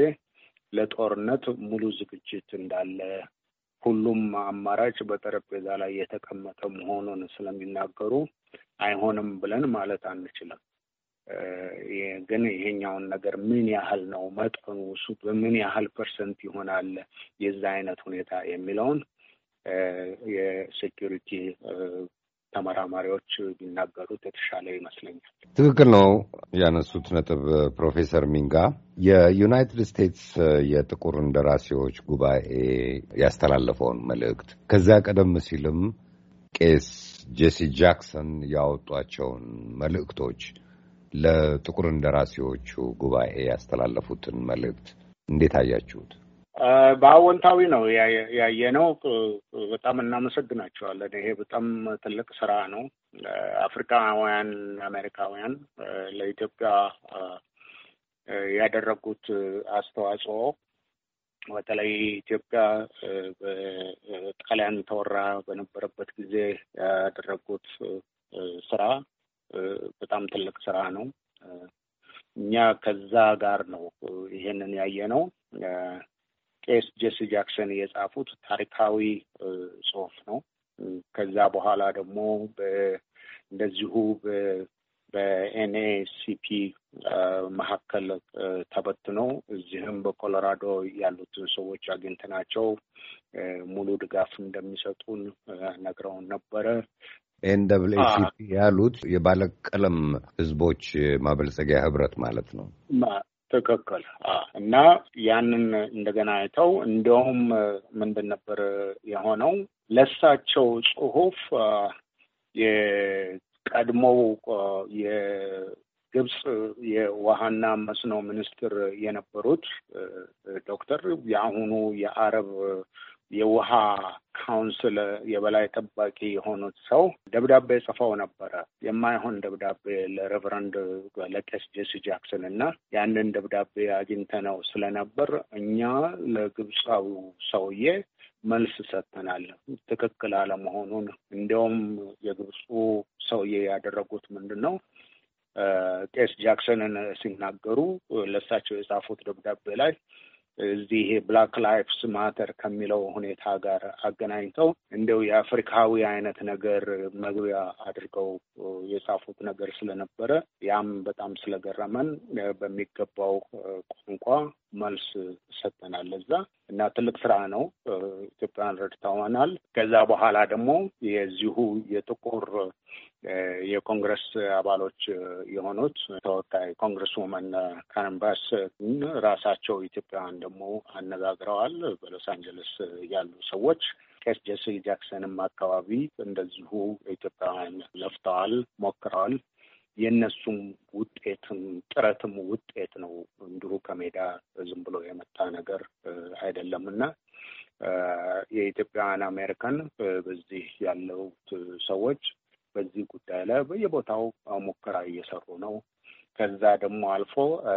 ለጦርነት ሙሉ ዝግጅት እንዳለ ሁሉም አማራጭ በጠረጴዛ ላይ የተቀመጠ መሆኑን ስለሚናገሩ አይሆንም ብለን ማለት አንችልም። ግን ይሄኛውን ነገር ምን ያህል ነው መጠኑ፣ እሱ በምን ያህል ፐርሰንት ይሆናል የዛ አይነት ሁኔታ የሚለውን የሴኪሪቲ ተመራማሪዎች ቢናገሩት የተሻለ ይመስለኛል። ትክክል ነው ያነሱት ነጥብ ፕሮፌሰር ሚንጋ የዩናይትድ ስቴትስ የጥቁር እንደራሴዎች ጉባኤ ያስተላለፈውን መልእክት ከዚያ ቀደም ሲልም ቄስ ጄሲ ጃክሰን ያወጧቸውን መልእክቶች ለጥቁር እንደራሴዎቹ ጉባኤ ያስተላለፉትን መልእክት እንዴት አያችሁት? በአዎንታዊ ነው ያየነው። በጣም እናመሰግናቸዋለን። ይሄ በጣም ትልቅ ስራ ነው። አፍሪካውያን አሜሪካውያን ለኢትዮጵያ ያደረጉት አስተዋጽኦ በተለይ ኢትዮጵያ በጣሊያን ተወራ በነበረበት ጊዜ ያደረጉት ስራ በጣም ትልቅ ስራ ነው። እኛ ከዛ ጋር ነው ይሄንን ያየ ነው። ቄስ ጄሲ ጃክሰን የጻፉት ታሪካዊ ጽሁፍ ነው። ከዛ በኋላ ደግሞ እንደዚሁ በኤንኤሲፒ መካከል ተበትኖ እዚህም በኮሎራዶ ያሉትን ሰዎች አግኝተናቸው ሙሉ ድጋፍ እንደሚሰጡን ነግረውን ነበረ። ኤንኤሲፒ ያሉት የባለቀለም ህዝቦች ማበልጸጊያ ህብረት ማለት ነው። ትክክል እና ያንን እንደገና አይተው እንደውም ምንድን ነበር የሆነው ለሳቸው ጽሁፍ የቀድሞው የግብፅ የውሃና መስኖ ሚኒስትር የነበሩት ዶክተር የአሁኑ የአረብ የውሃ ካውንስል የበላይ ጠባቂ የሆኑት ሰው ደብዳቤ ጽፈው ነበረ። የማይሆን ደብዳቤ ለሬቨረንድ ለቄስ ጄሲ ጃክሰን እና ያንን ደብዳቤ አግኝተነው ስለነበር እኛ ለግብፃዊ ሰውዬ መልስ ሰጥተናል። ትክክል አለመሆኑን እንዲያውም የግብፁ ሰውዬ ያደረጉት ምንድን ነው ቄስ ጃክሰንን ሲናገሩ ለእሳቸው የጻፉት ደብዳቤ ላይ እዚህ ብላክ ላይፍስ ማተር ከሚለው ሁኔታ ጋር አገናኝተው እንደው የአፍሪካዊ አይነት ነገር መግቢያ አድርገው የጻፉት ነገር ስለነበረ ያም በጣም ስለገረመን በሚገባው ቋንቋ መልስ ሰጠናል። እዛ እና ትልቅ ስራ ነው። ኢትዮጵያን ረድተዋናል። ከዛ በኋላ ደግሞ የዚሁ የጥቁር የኮንግረስ አባሎች የሆኑት ተወካይ ኮንግረስ ውመን ካንባስ ራሳቸው ኢትዮጵያውያን ደግሞ አነጋግረዋል። በሎስ አንጀለስ ያሉ ሰዎች ቄስ ጄሲ ጃክሰንም አካባቢ እንደዚሁ ኢትዮጵያውያን ለፍተዋል፣ ሞክረዋል። የእነሱም ውጤትም ጥረትም ውጤት ነው። እንዲሁ ከሜዳ ዝም ብሎ የመጣ ነገር አይደለም እና የኢትዮጵያውያን አሜሪካን በዚህ ያለው ሰዎች በዚህ ጉዳይ ላይ በየቦታው ሙከራ እየሰሩ ነው። ከዛ ደግሞ አልፎ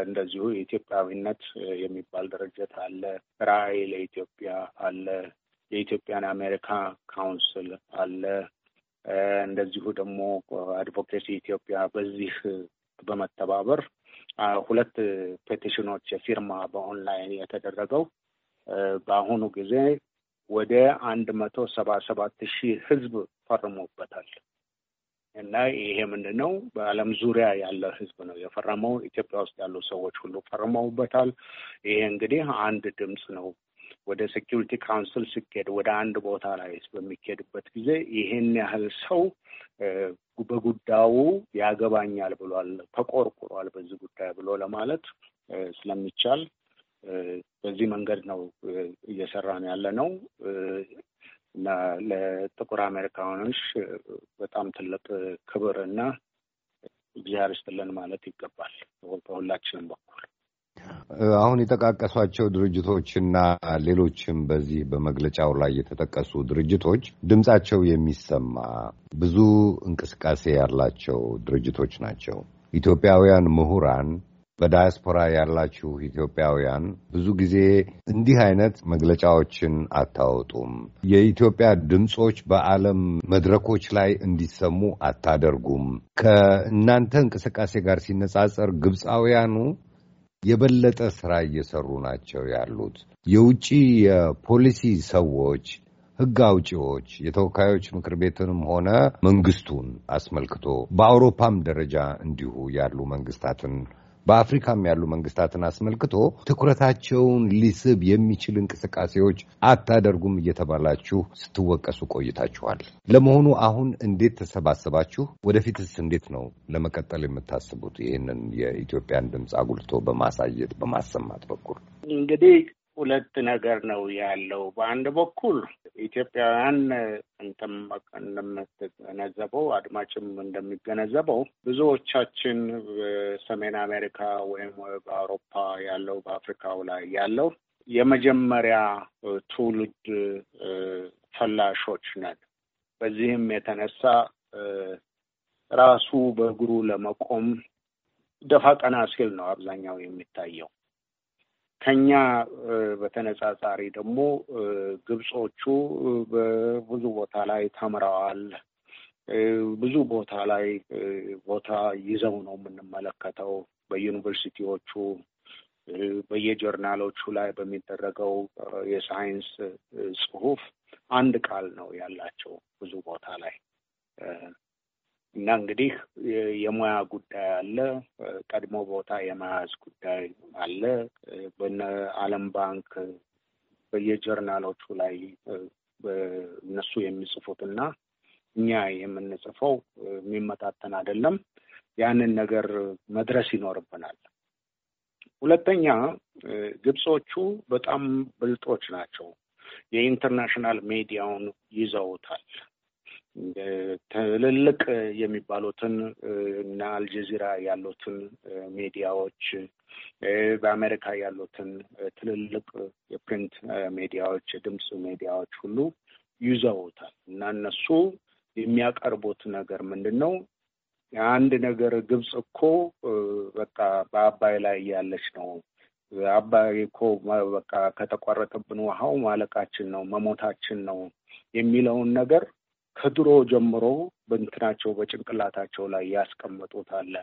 እንደዚሁ የኢትዮጵያዊነት የሚባል ድርጅት አለ። ራዕይ ለኢትዮጵያ አለ። የኢትዮጵያን አሜሪካ ካውንስል አለ። እንደዚሁ ደግሞ አድቮኬሲ ኢትዮጵያ በዚህ በመተባበር ሁለት ፔቲሽኖች የፊርማ በኦንላይን የተደረገው በአሁኑ ጊዜ ወደ አንድ መቶ ሰባ ሰባት ሺህ ህዝብ ፈርሞበታል። እና ይሄ ምንድን ነው? በዓለም ዙሪያ ያለ ህዝብ ነው የፈረመው። ኢትዮጵያ ውስጥ ያሉ ሰዎች ሁሉ ፈርመውበታል። ይሄ እንግዲህ አንድ ድምፅ ነው። ወደ ሴኪሪቲ ካውንስል ሲኬድ ወደ አንድ ቦታ ላይ በሚኬድበት ጊዜ ይህን ያህል ሰው በጉዳዩ ያገባኛል ብሏል፣ ተቆርቁሯል በዚህ ጉዳይ ብሎ ለማለት ስለሚቻል በዚህ መንገድ ነው እየሰራን ያለ ነው። እና ለጥቁር አሜሪካኖች በጣም ትልቅ ክብር እና እግዚአብሔር ይስጥልን ማለት ይገባል በሁላችንም በኩል። አሁን የጠቃቀሷቸው ድርጅቶችና ሌሎችም በዚህ በመግለጫው ላይ የተጠቀሱ ድርጅቶች ድምፃቸው የሚሰማ ብዙ እንቅስቃሴ ያላቸው ድርጅቶች ናቸው። ኢትዮጵያውያን ምሁራን በዳያስፖራ ያላችሁ ኢትዮጵያውያን ብዙ ጊዜ እንዲህ አይነት መግለጫዎችን አታወጡም፣ የኢትዮጵያ ድምፆች በዓለም መድረኮች ላይ እንዲሰሙ አታደርጉም። ከእናንተ እንቅስቃሴ ጋር ሲነጻጸር ግብፃውያኑ የበለጠ ስራ እየሰሩ ናቸው ያሉት የውጭ የፖሊሲ ሰዎች ህግ አውጪዎች የተወካዮች ምክር ቤትንም ሆነ መንግስቱን አስመልክቶ በአውሮፓም ደረጃ እንዲሁ ያሉ መንግስታትን በአፍሪካም ያሉ መንግስታትን አስመልክቶ ትኩረታቸውን ሊስብ የሚችል እንቅስቃሴዎች አታደርጉም እየተባላችሁ ስትወቀሱ ቆይታችኋል። ለመሆኑ አሁን እንዴት ተሰባሰባችሁ? ወደፊትስ እንዴት ነው ለመቀጠል የምታስቡት? ይህንን የኢትዮጵያን ድምፅ አጉልቶ በማሳየት በማሰማት በኩል እንግዲህ ሁለት ነገር ነው ያለው። በአንድ በኩል ኢትዮጵያውያን አንተም እንደምትገነዘበው አድማጭም እንደሚገነዘበው ብዙዎቻችን በሰሜን አሜሪካ ወይም በአውሮፓ ያለው በአፍሪካው ላይ ያለው የመጀመሪያ ትውልድ ፈላሾች ነን። በዚህም የተነሳ ራሱ በእግሩ ለመቆም ደፋ ቀና ሲል ነው አብዛኛው የሚታየው። ከኛ በተነጻጻሪ ደግሞ ግብጾቹ በብዙ ቦታ ላይ ተምረዋል። ብዙ ቦታ ላይ ቦታ ይዘው ነው የምንመለከተው በዩኒቨርሲቲዎቹ በየጆርናሎቹ ላይ በሚደረገው የሳይንስ ጽሁፍ አንድ ቃል ነው ያላቸው ብዙ ቦታ ላይ እና እንግዲህ የሙያ ጉዳይ አለ፣ ቀድሞ ቦታ የመያዝ ጉዳይ አለ። በነ ዓለም ባንክ በየጀርናሎቹ ላይ እነሱ የሚጽፉት እና እኛ የምንጽፈው የሚመጣጠን አይደለም። ያንን ነገር መድረስ ይኖርብናል። ሁለተኛ ግብጾቹ በጣም ብልጦች ናቸው። የኢንተርናሽናል ሚዲያውን ይዘውታል። ትልልቅ የሚባሉትን እና አልጀዚራ ያሉትን ሚዲያዎች በአሜሪካ ያሉትን ትልልቅ የፕሪንት ሚዲያዎች፣ የድምፅ ሚዲያዎች ሁሉ ይዘውታል እና እነሱ የሚያቀርቡት ነገር ምንድን ነው? አንድ ነገር ግብፅ እኮ በቃ በአባይ ላይ ያለች ነው። አባይ እኮ በቃ ከተቋረጠብን ውሃው ማለቃችን ነው፣ መሞታችን ነው የሚለውን ነገር ከድሮ ጀምሮ በእንትናቸው በጭንቅላታቸው ላይ ያስቀመጡት አለ።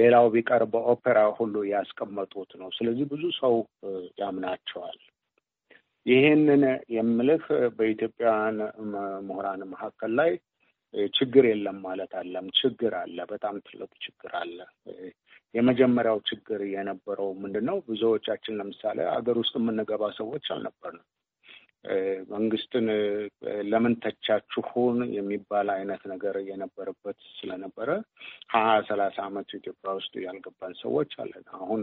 ሌላው ቢቀር በኦፔራ ሁሉ ያስቀመጡት ነው። ስለዚህ ብዙ ሰው ያምናቸዋል። ይህንን የምልህ በኢትዮጵያውያን ምሁራን መካከል ላይ ችግር የለም ማለት አለም። ችግር አለ፣ በጣም ትልቅ ችግር አለ። የመጀመሪያው ችግር የነበረው ምንድን ነው? ብዙዎቻችን ለምሳሌ ሀገር ውስጥ የምንገባ ሰዎች አልነበርንም። መንግስትን ለምን ተቻችሁን የሚባል አይነት ነገር የነበረበት ስለነበረ ሀያ ሰላሳ አመት ኢትዮጵያ ውስጥ ያልገባን ሰዎች አለን። አሁን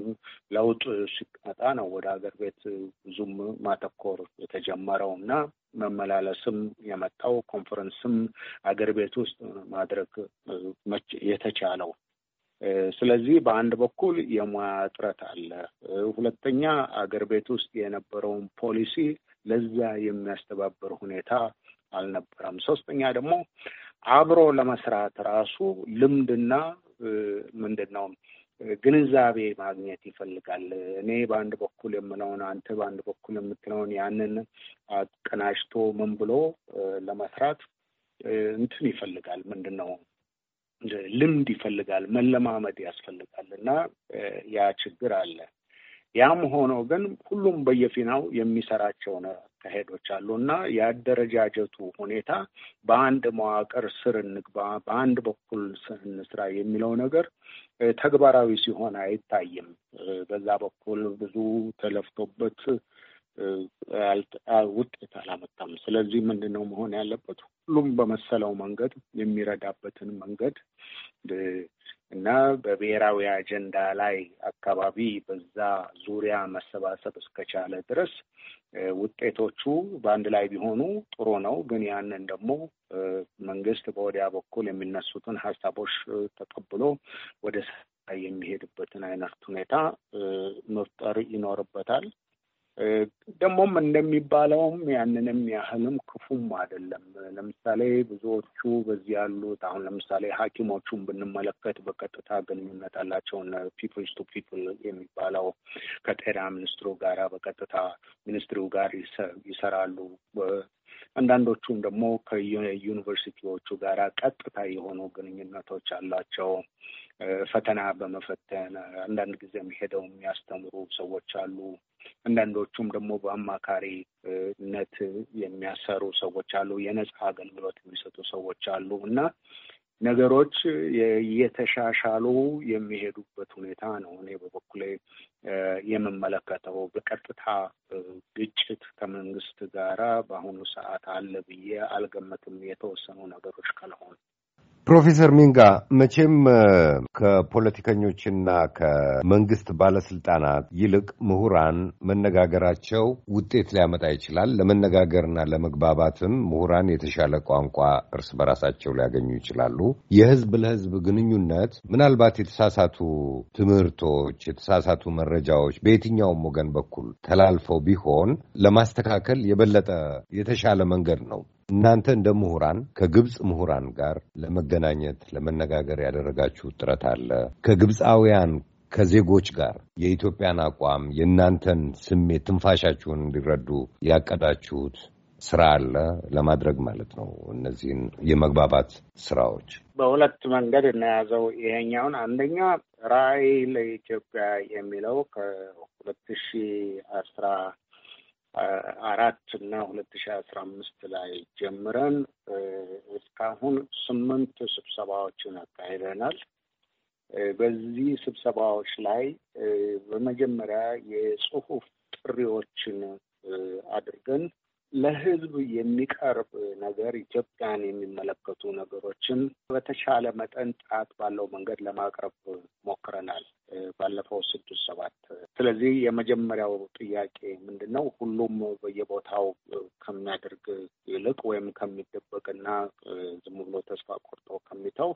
ለውጥ ሲመጣ ነው ወደ ሀገር ቤት ብዙም ማተኮር የተጀመረው እና መመላለስም የመጣው ኮንፈረንስም አገር ቤት ውስጥ ማድረግ የተቻለው ስለዚህ በአንድ በኩል የሙያ እጥረት አለ። ሁለተኛ አገር ቤት ውስጥ የነበረውን ፖሊሲ ለዛ የሚያስተባብር ሁኔታ አልነበረም። ሶስተኛ ደግሞ አብሮ ለመስራት ራሱ ልምድና ምንድን ነው ግንዛቤ ማግኘት ይፈልጋል። እኔ በአንድ በኩል የምለውን አንተ በአንድ በኩል የምትለውን ያንን አቀናጅቶ ምን ብሎ ለመስራት እንትን ይፈልጋል ምንድን ነው ልምድ ይፈልጋል፣ መለማመድ ያስፈልጋል እና ያ ችግር አለ። ያም ሆኖ ግን ሁሉም በየፊናው የሚሰራቸው ካሄዶች አሉ እና የአደረጃጀቱ ሁኔታ በአንድ መዋቅር ስር እንግባ፣ በአንድ በኩል እንስራ የሚለው ነገር ተግባራዊ ሲሆን አይታይም። በዛ በኩል ብዙ ተለፍቶበት ውጤት አላመጣም። ስለዚህ ምንድን ነው መሆን ያለበት? ሁሉም በመሰለው መንገድ የሚረዳበትን መንገድ እና በብሔራዊ አጀንዳ ላይ አካባቢ በዛ ዙሪያ መሰባሰብ እስከቻለ ድረስ ውጤቶቹ በአንድ ላይ ቢሆኑ ጥሩ ነው። ግን ያንን ደግሞ መንግስት በወዲያ በኩል የሚነሱትን ሀሳቦች ተቀብሎ ወደ የሚሄድበትን አይነት ሁኔታ መፍጠር ይኖርበታል። ደግሞም እንደሚባለውም ያንንም ያህልም ክፉም አይደለም። ለምሳሌ ብዙዎቹ በዚህ ያሉት አሁን ለምሳሌ ሐኪሞቹን ብንመለከት በቀጥታ ግንኙነት አላቸውን ፒፕልስ ቱ ፒፕል የሚባለው ከጤና ሚኒስትሩ ጋር በቀጥታ ሚኒስትሪው ጋር ይሰራሉ። አንዳንዶቹም ደግሞ ከዩኒቨርሲቲዎቹ ጋር ቀጥታ የሆኑ ግንኙነቶች አላቸው። ፈተና በመፈተን አንዳንድ ጊዜም ሄደው የሚያስተምሩ ሰዎች አሉ። አንዳንዶቹም ደግሞ በአማካሪነት የሚያሰሩ ሰዎች አሉ። የነጻ አገልግሎት የሚሰጡ ሰዎች አሉ እና ነገሮች እየተሻሻሉ የሚሄዱበት ሁኔታ ነው። እኔ በበኩሌ የምመለከተው በቀጥታ ግጭት ከመንግስት ጋራ በአሁኑ ሰዓት አለ ብዬ አልገመትም፣ የተወሰኑ ነገሮች ካልሆኑ ፕሮፌሰር ሚንጋ መቼም ከፖለቲከኞችና ከመንግስት ባለስልጣናት ይልቅ ምሁራን መነጋገራቸው ውጤት ሊያመጣ ይችላል። ለመነጋገርና ለመግባባትም ምሁራን የተሻለ ቋንቋ እርስ በራሳቸው ሊያገኙ ይችላሉ። የህዝብ ለህዝብ ግንኙነት ምናልባት የተሳሳቱ ትምህርቶች፣ የተሳሳቱ መረጃዎች በየትኛውም ወገን በኩል ተላልፈው ቢሆን ለማስተካከል የበለጠ የተሻለ መንገድ ነው። እናንተ እንደ ምሁራን ከግብፅ ምሁራን ጋር ለመገናኘት ለመነጋገር ያደረጋችሁ ጥረት አለ? ከግብፃውያን ከዜጎች ጋር የኢትዮጵያን አቋም የእናንተን ስሜት ትንፋሻችሁን እንዲረዱ ያቀዳችሁት ስራ አለ ለማድረግ ማለት ነው። እነዚህን የመግባባት ስራዎች በሁለት መንገድ እናያዘው ይሄኛውን። አንደኛ ራዕይ ለኢትዮጵያ የሚለው ከሁለት ሺህ አስራ አራት እና ሁለት ሺ አስራ አምስት ላይ ጀምረን እስካሁን ስምንት ስብሰባዎችን አካሂደናል። በዚህ ስብሰባዎች ላይ በመጀመሪያ የጽሁፍ ጥሪዎችን አድርገን ለህዝብ የሚቀርብ ነገር ኢትዮጵያን የሚመለከቱ ነገሮችን በተሻለ መጠን ጥራት ባለው መንገድ ለማቅረብ ሞክረናል ባለፈው ስድስት ሰባት። ስለዚህ የመጀመሪያው ጥያቄ ምንድን ነው? ሁሉም በየቦታው ከሚያደርግ ይልቅ ወይም ከሚደበቅና ዝም ብሎ ተስፋ ቆርጦ ከሚተው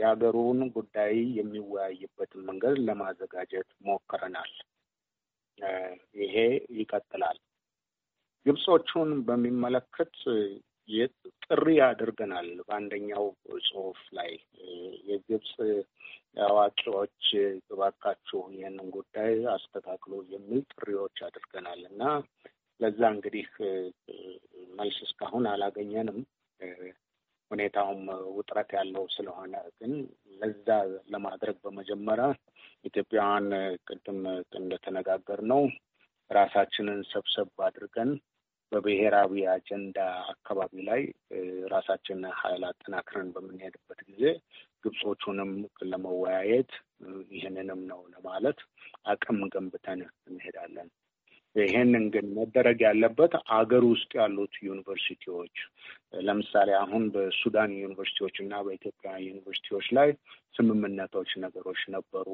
የሀገሩን ጉዳይ የሚወያይበትን መንገድ ለማዘጋጀት ሞክረናል። ይሄ ይቀጥላል። ግብጾቹን በሚመለከት ጥሪ አድርገናል። በአንደኛው ጽሁፍ ላይ የግብጽ አዋቂዎች እባካችሁ ይህንን ጉዳይ አስተካክሎ የሚል ጥሪዎች አድርገናል እና ለዛ እንግዲህ መልስ እስካሁን አላገኘንም። ሁኔታውም ውጥረት ያለው ስለሆነ ግን ለዛ ለማድረግ በመጀመሪያ ኢትዮጵያውያን ቅድም እንደተነጋገር ነው ራሳችንን ሰብሰብ አድርገን በብሔራዊ አጀንዳ አካባቢ ላይ ራሳችን ኃይል አጠናክረን በምንሄድበት ጊዜ ግብጾቹንም ለመወያየት ይህንንም ነው ለማለት አቅም ገንብተን እንሄዳለን። ይሄንን ግን መደረግ ያለበት አገር ውስጥ ያሉት ዩኒቨርሲቲዎች ለምሳሌ አሁን በሱዳን ዩኒቨርሲቲዎች እና በኢትዮጵያ ዩኒቨርሲቲዎች ላይ ስምምነቶች ነገሮች ነበሩ።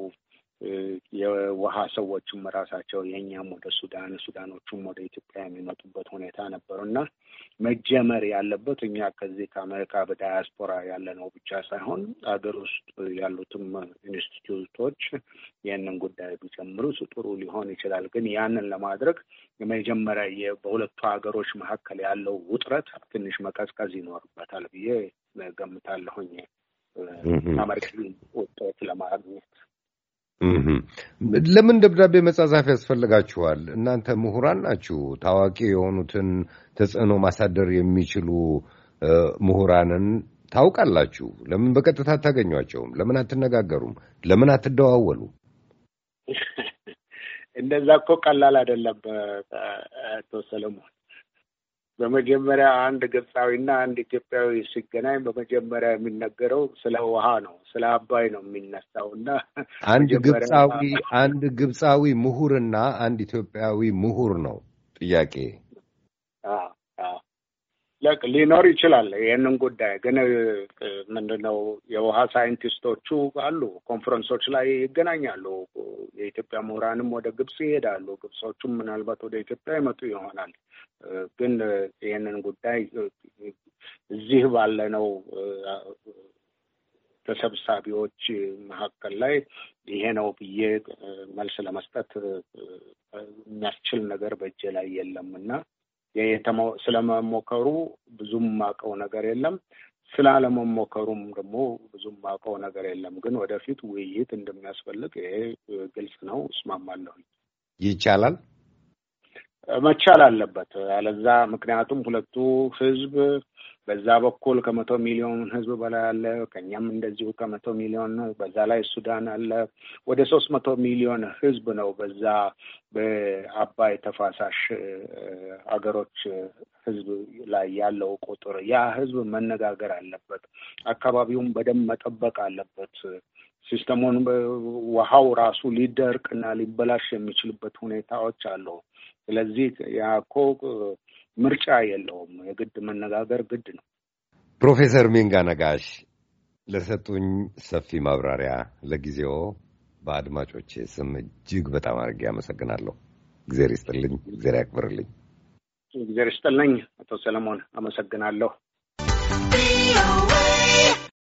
የውሃ ሰዎቹም ራሳቸው የእኛም ወደ ሱዳን ሱዳኖቹም ወደ ኢትዮጵያ የሚመጡበት ሁኔታ ነበሩ እና መጀመር ያለበት እኛ ከዚህ ከአሜሪካ በዳያስፖራ ያለነው ብቻ ሳይሆን አገር ውስጥ ያሉትም ኢንስቲትዩቶች ይህንን ጉዳይ ቢጀምሩት ጥሩ ሊሆን ይችላል። ግን ያንን ለማድረግ የመጀመሪያ በሁለቱ ሀገሮች መካከል ያለው ውጥረት ትንሽ መቀዝቀዝ ይኖርበታል ብዬ ገምታለሁኝ አመርቂ ውጤት ለማግኘት ለምን ደብዳቤ መጻጻፍ ያስፈልጋችኋል? እናንተ ምሁራን ናችሁ። ታዋቂ የሆኑትን ተጽዕኖ ማሳደር የሚችሉ ምሁራንን ታውቃላችሁ። ለምን በቀጥታ አታገኟቸውም? ለምን አትነጋገሩም? ለምን አትደዋወሉ? እንደዛ እኮ ቀላል አይደለም። ተወሰለሞን በመጀመሪያ አንድ ግብፃዊና አንድ ኢትዮጵያዊ ሲገናኝ በመጀመሪያ የሚነገረው ስለ ውሃ ነው፣ ስለ አባይ ነው የሚነሳው እና አንድ ግብፃዊ አንድ ግብፃዊ ምሁርና አንድ ኢትዮጵያዊ ምሁር ነው ጥያቄ ሊኖር ይችላል። ይህንን ጉዳይ ግን ምንድነው የውሃ ሳይንቲስቶቹ አሉ፣ ኮንፈረንሶች ላይ ይገናኛሉ። የኢትዮጵያ ምሁራንም ወደ ግብጽ ይሄዳሉ። ግብጾቹም ምናልባት ወደ ኢትዮጵያ ይመጡ ይሆናል። ግን ይህንን ጉዳይ እዚህ ባለነው ተሰብሳቢዎች መካከል ላይ ይሄ ነው ብዬ መልስ ለመስጠት የሚያስችል ነገር በእጄ ላይ የለም እና ስለመሞከሩ ብዙም ማቀው ነገር የለም። ስላለመሞከሩም ደግሞ ብዙም ማቀው ነገር የለም። ግን ወደፊት ውይይት እንደሚያስፈልግ ይሄ ግልጽ ነው። እስማማለሁ። ይቻላል መቻል አለበት ያለዛ ምክንያቱም ሁለቱ ህዝብ በዛ በኩል ከመቶ ሚሊዮን ህዝብ በላይ አለ። ከኛም እንደዚሁ ከመቶ ሚሊዮን ነው። በዛ ላይ ሱዳን አለ። ወደ ሶስት መቶ ሚሊዮን ህዝብ ነው በዛ በአባይ ተፋሳሽ አገሮች ህዝብ ላይ ያለው ቁጥር። ያ ህዝብ መነጋገር አለበት። አካባቢውን በደንብ መጠበቅ አለበት። ሲስተሙን ውሃው ራሱ ሊደርቅ እና ሊበላሽ የሚችልበት ሁኔታዎች አለው። ስለዚህ ያኮ ምርጫ የለውም። የግድ መነጋገር ግድ ነው። ፕሮፌሰር ሚንጋ ነጋሽ ለሰጡኝ ሰፊ ማብራሪያ ለጊዜው በአድማጮቼ ስም እጅግ በጣም አድርጌ አመሰግናለሁ። እግዜር ይስጥልኝ፣ እግዜር ያክብርልኝ። እግዜር ይስጥልኝ አቶ ሰለሞን አመሰግናለሁ።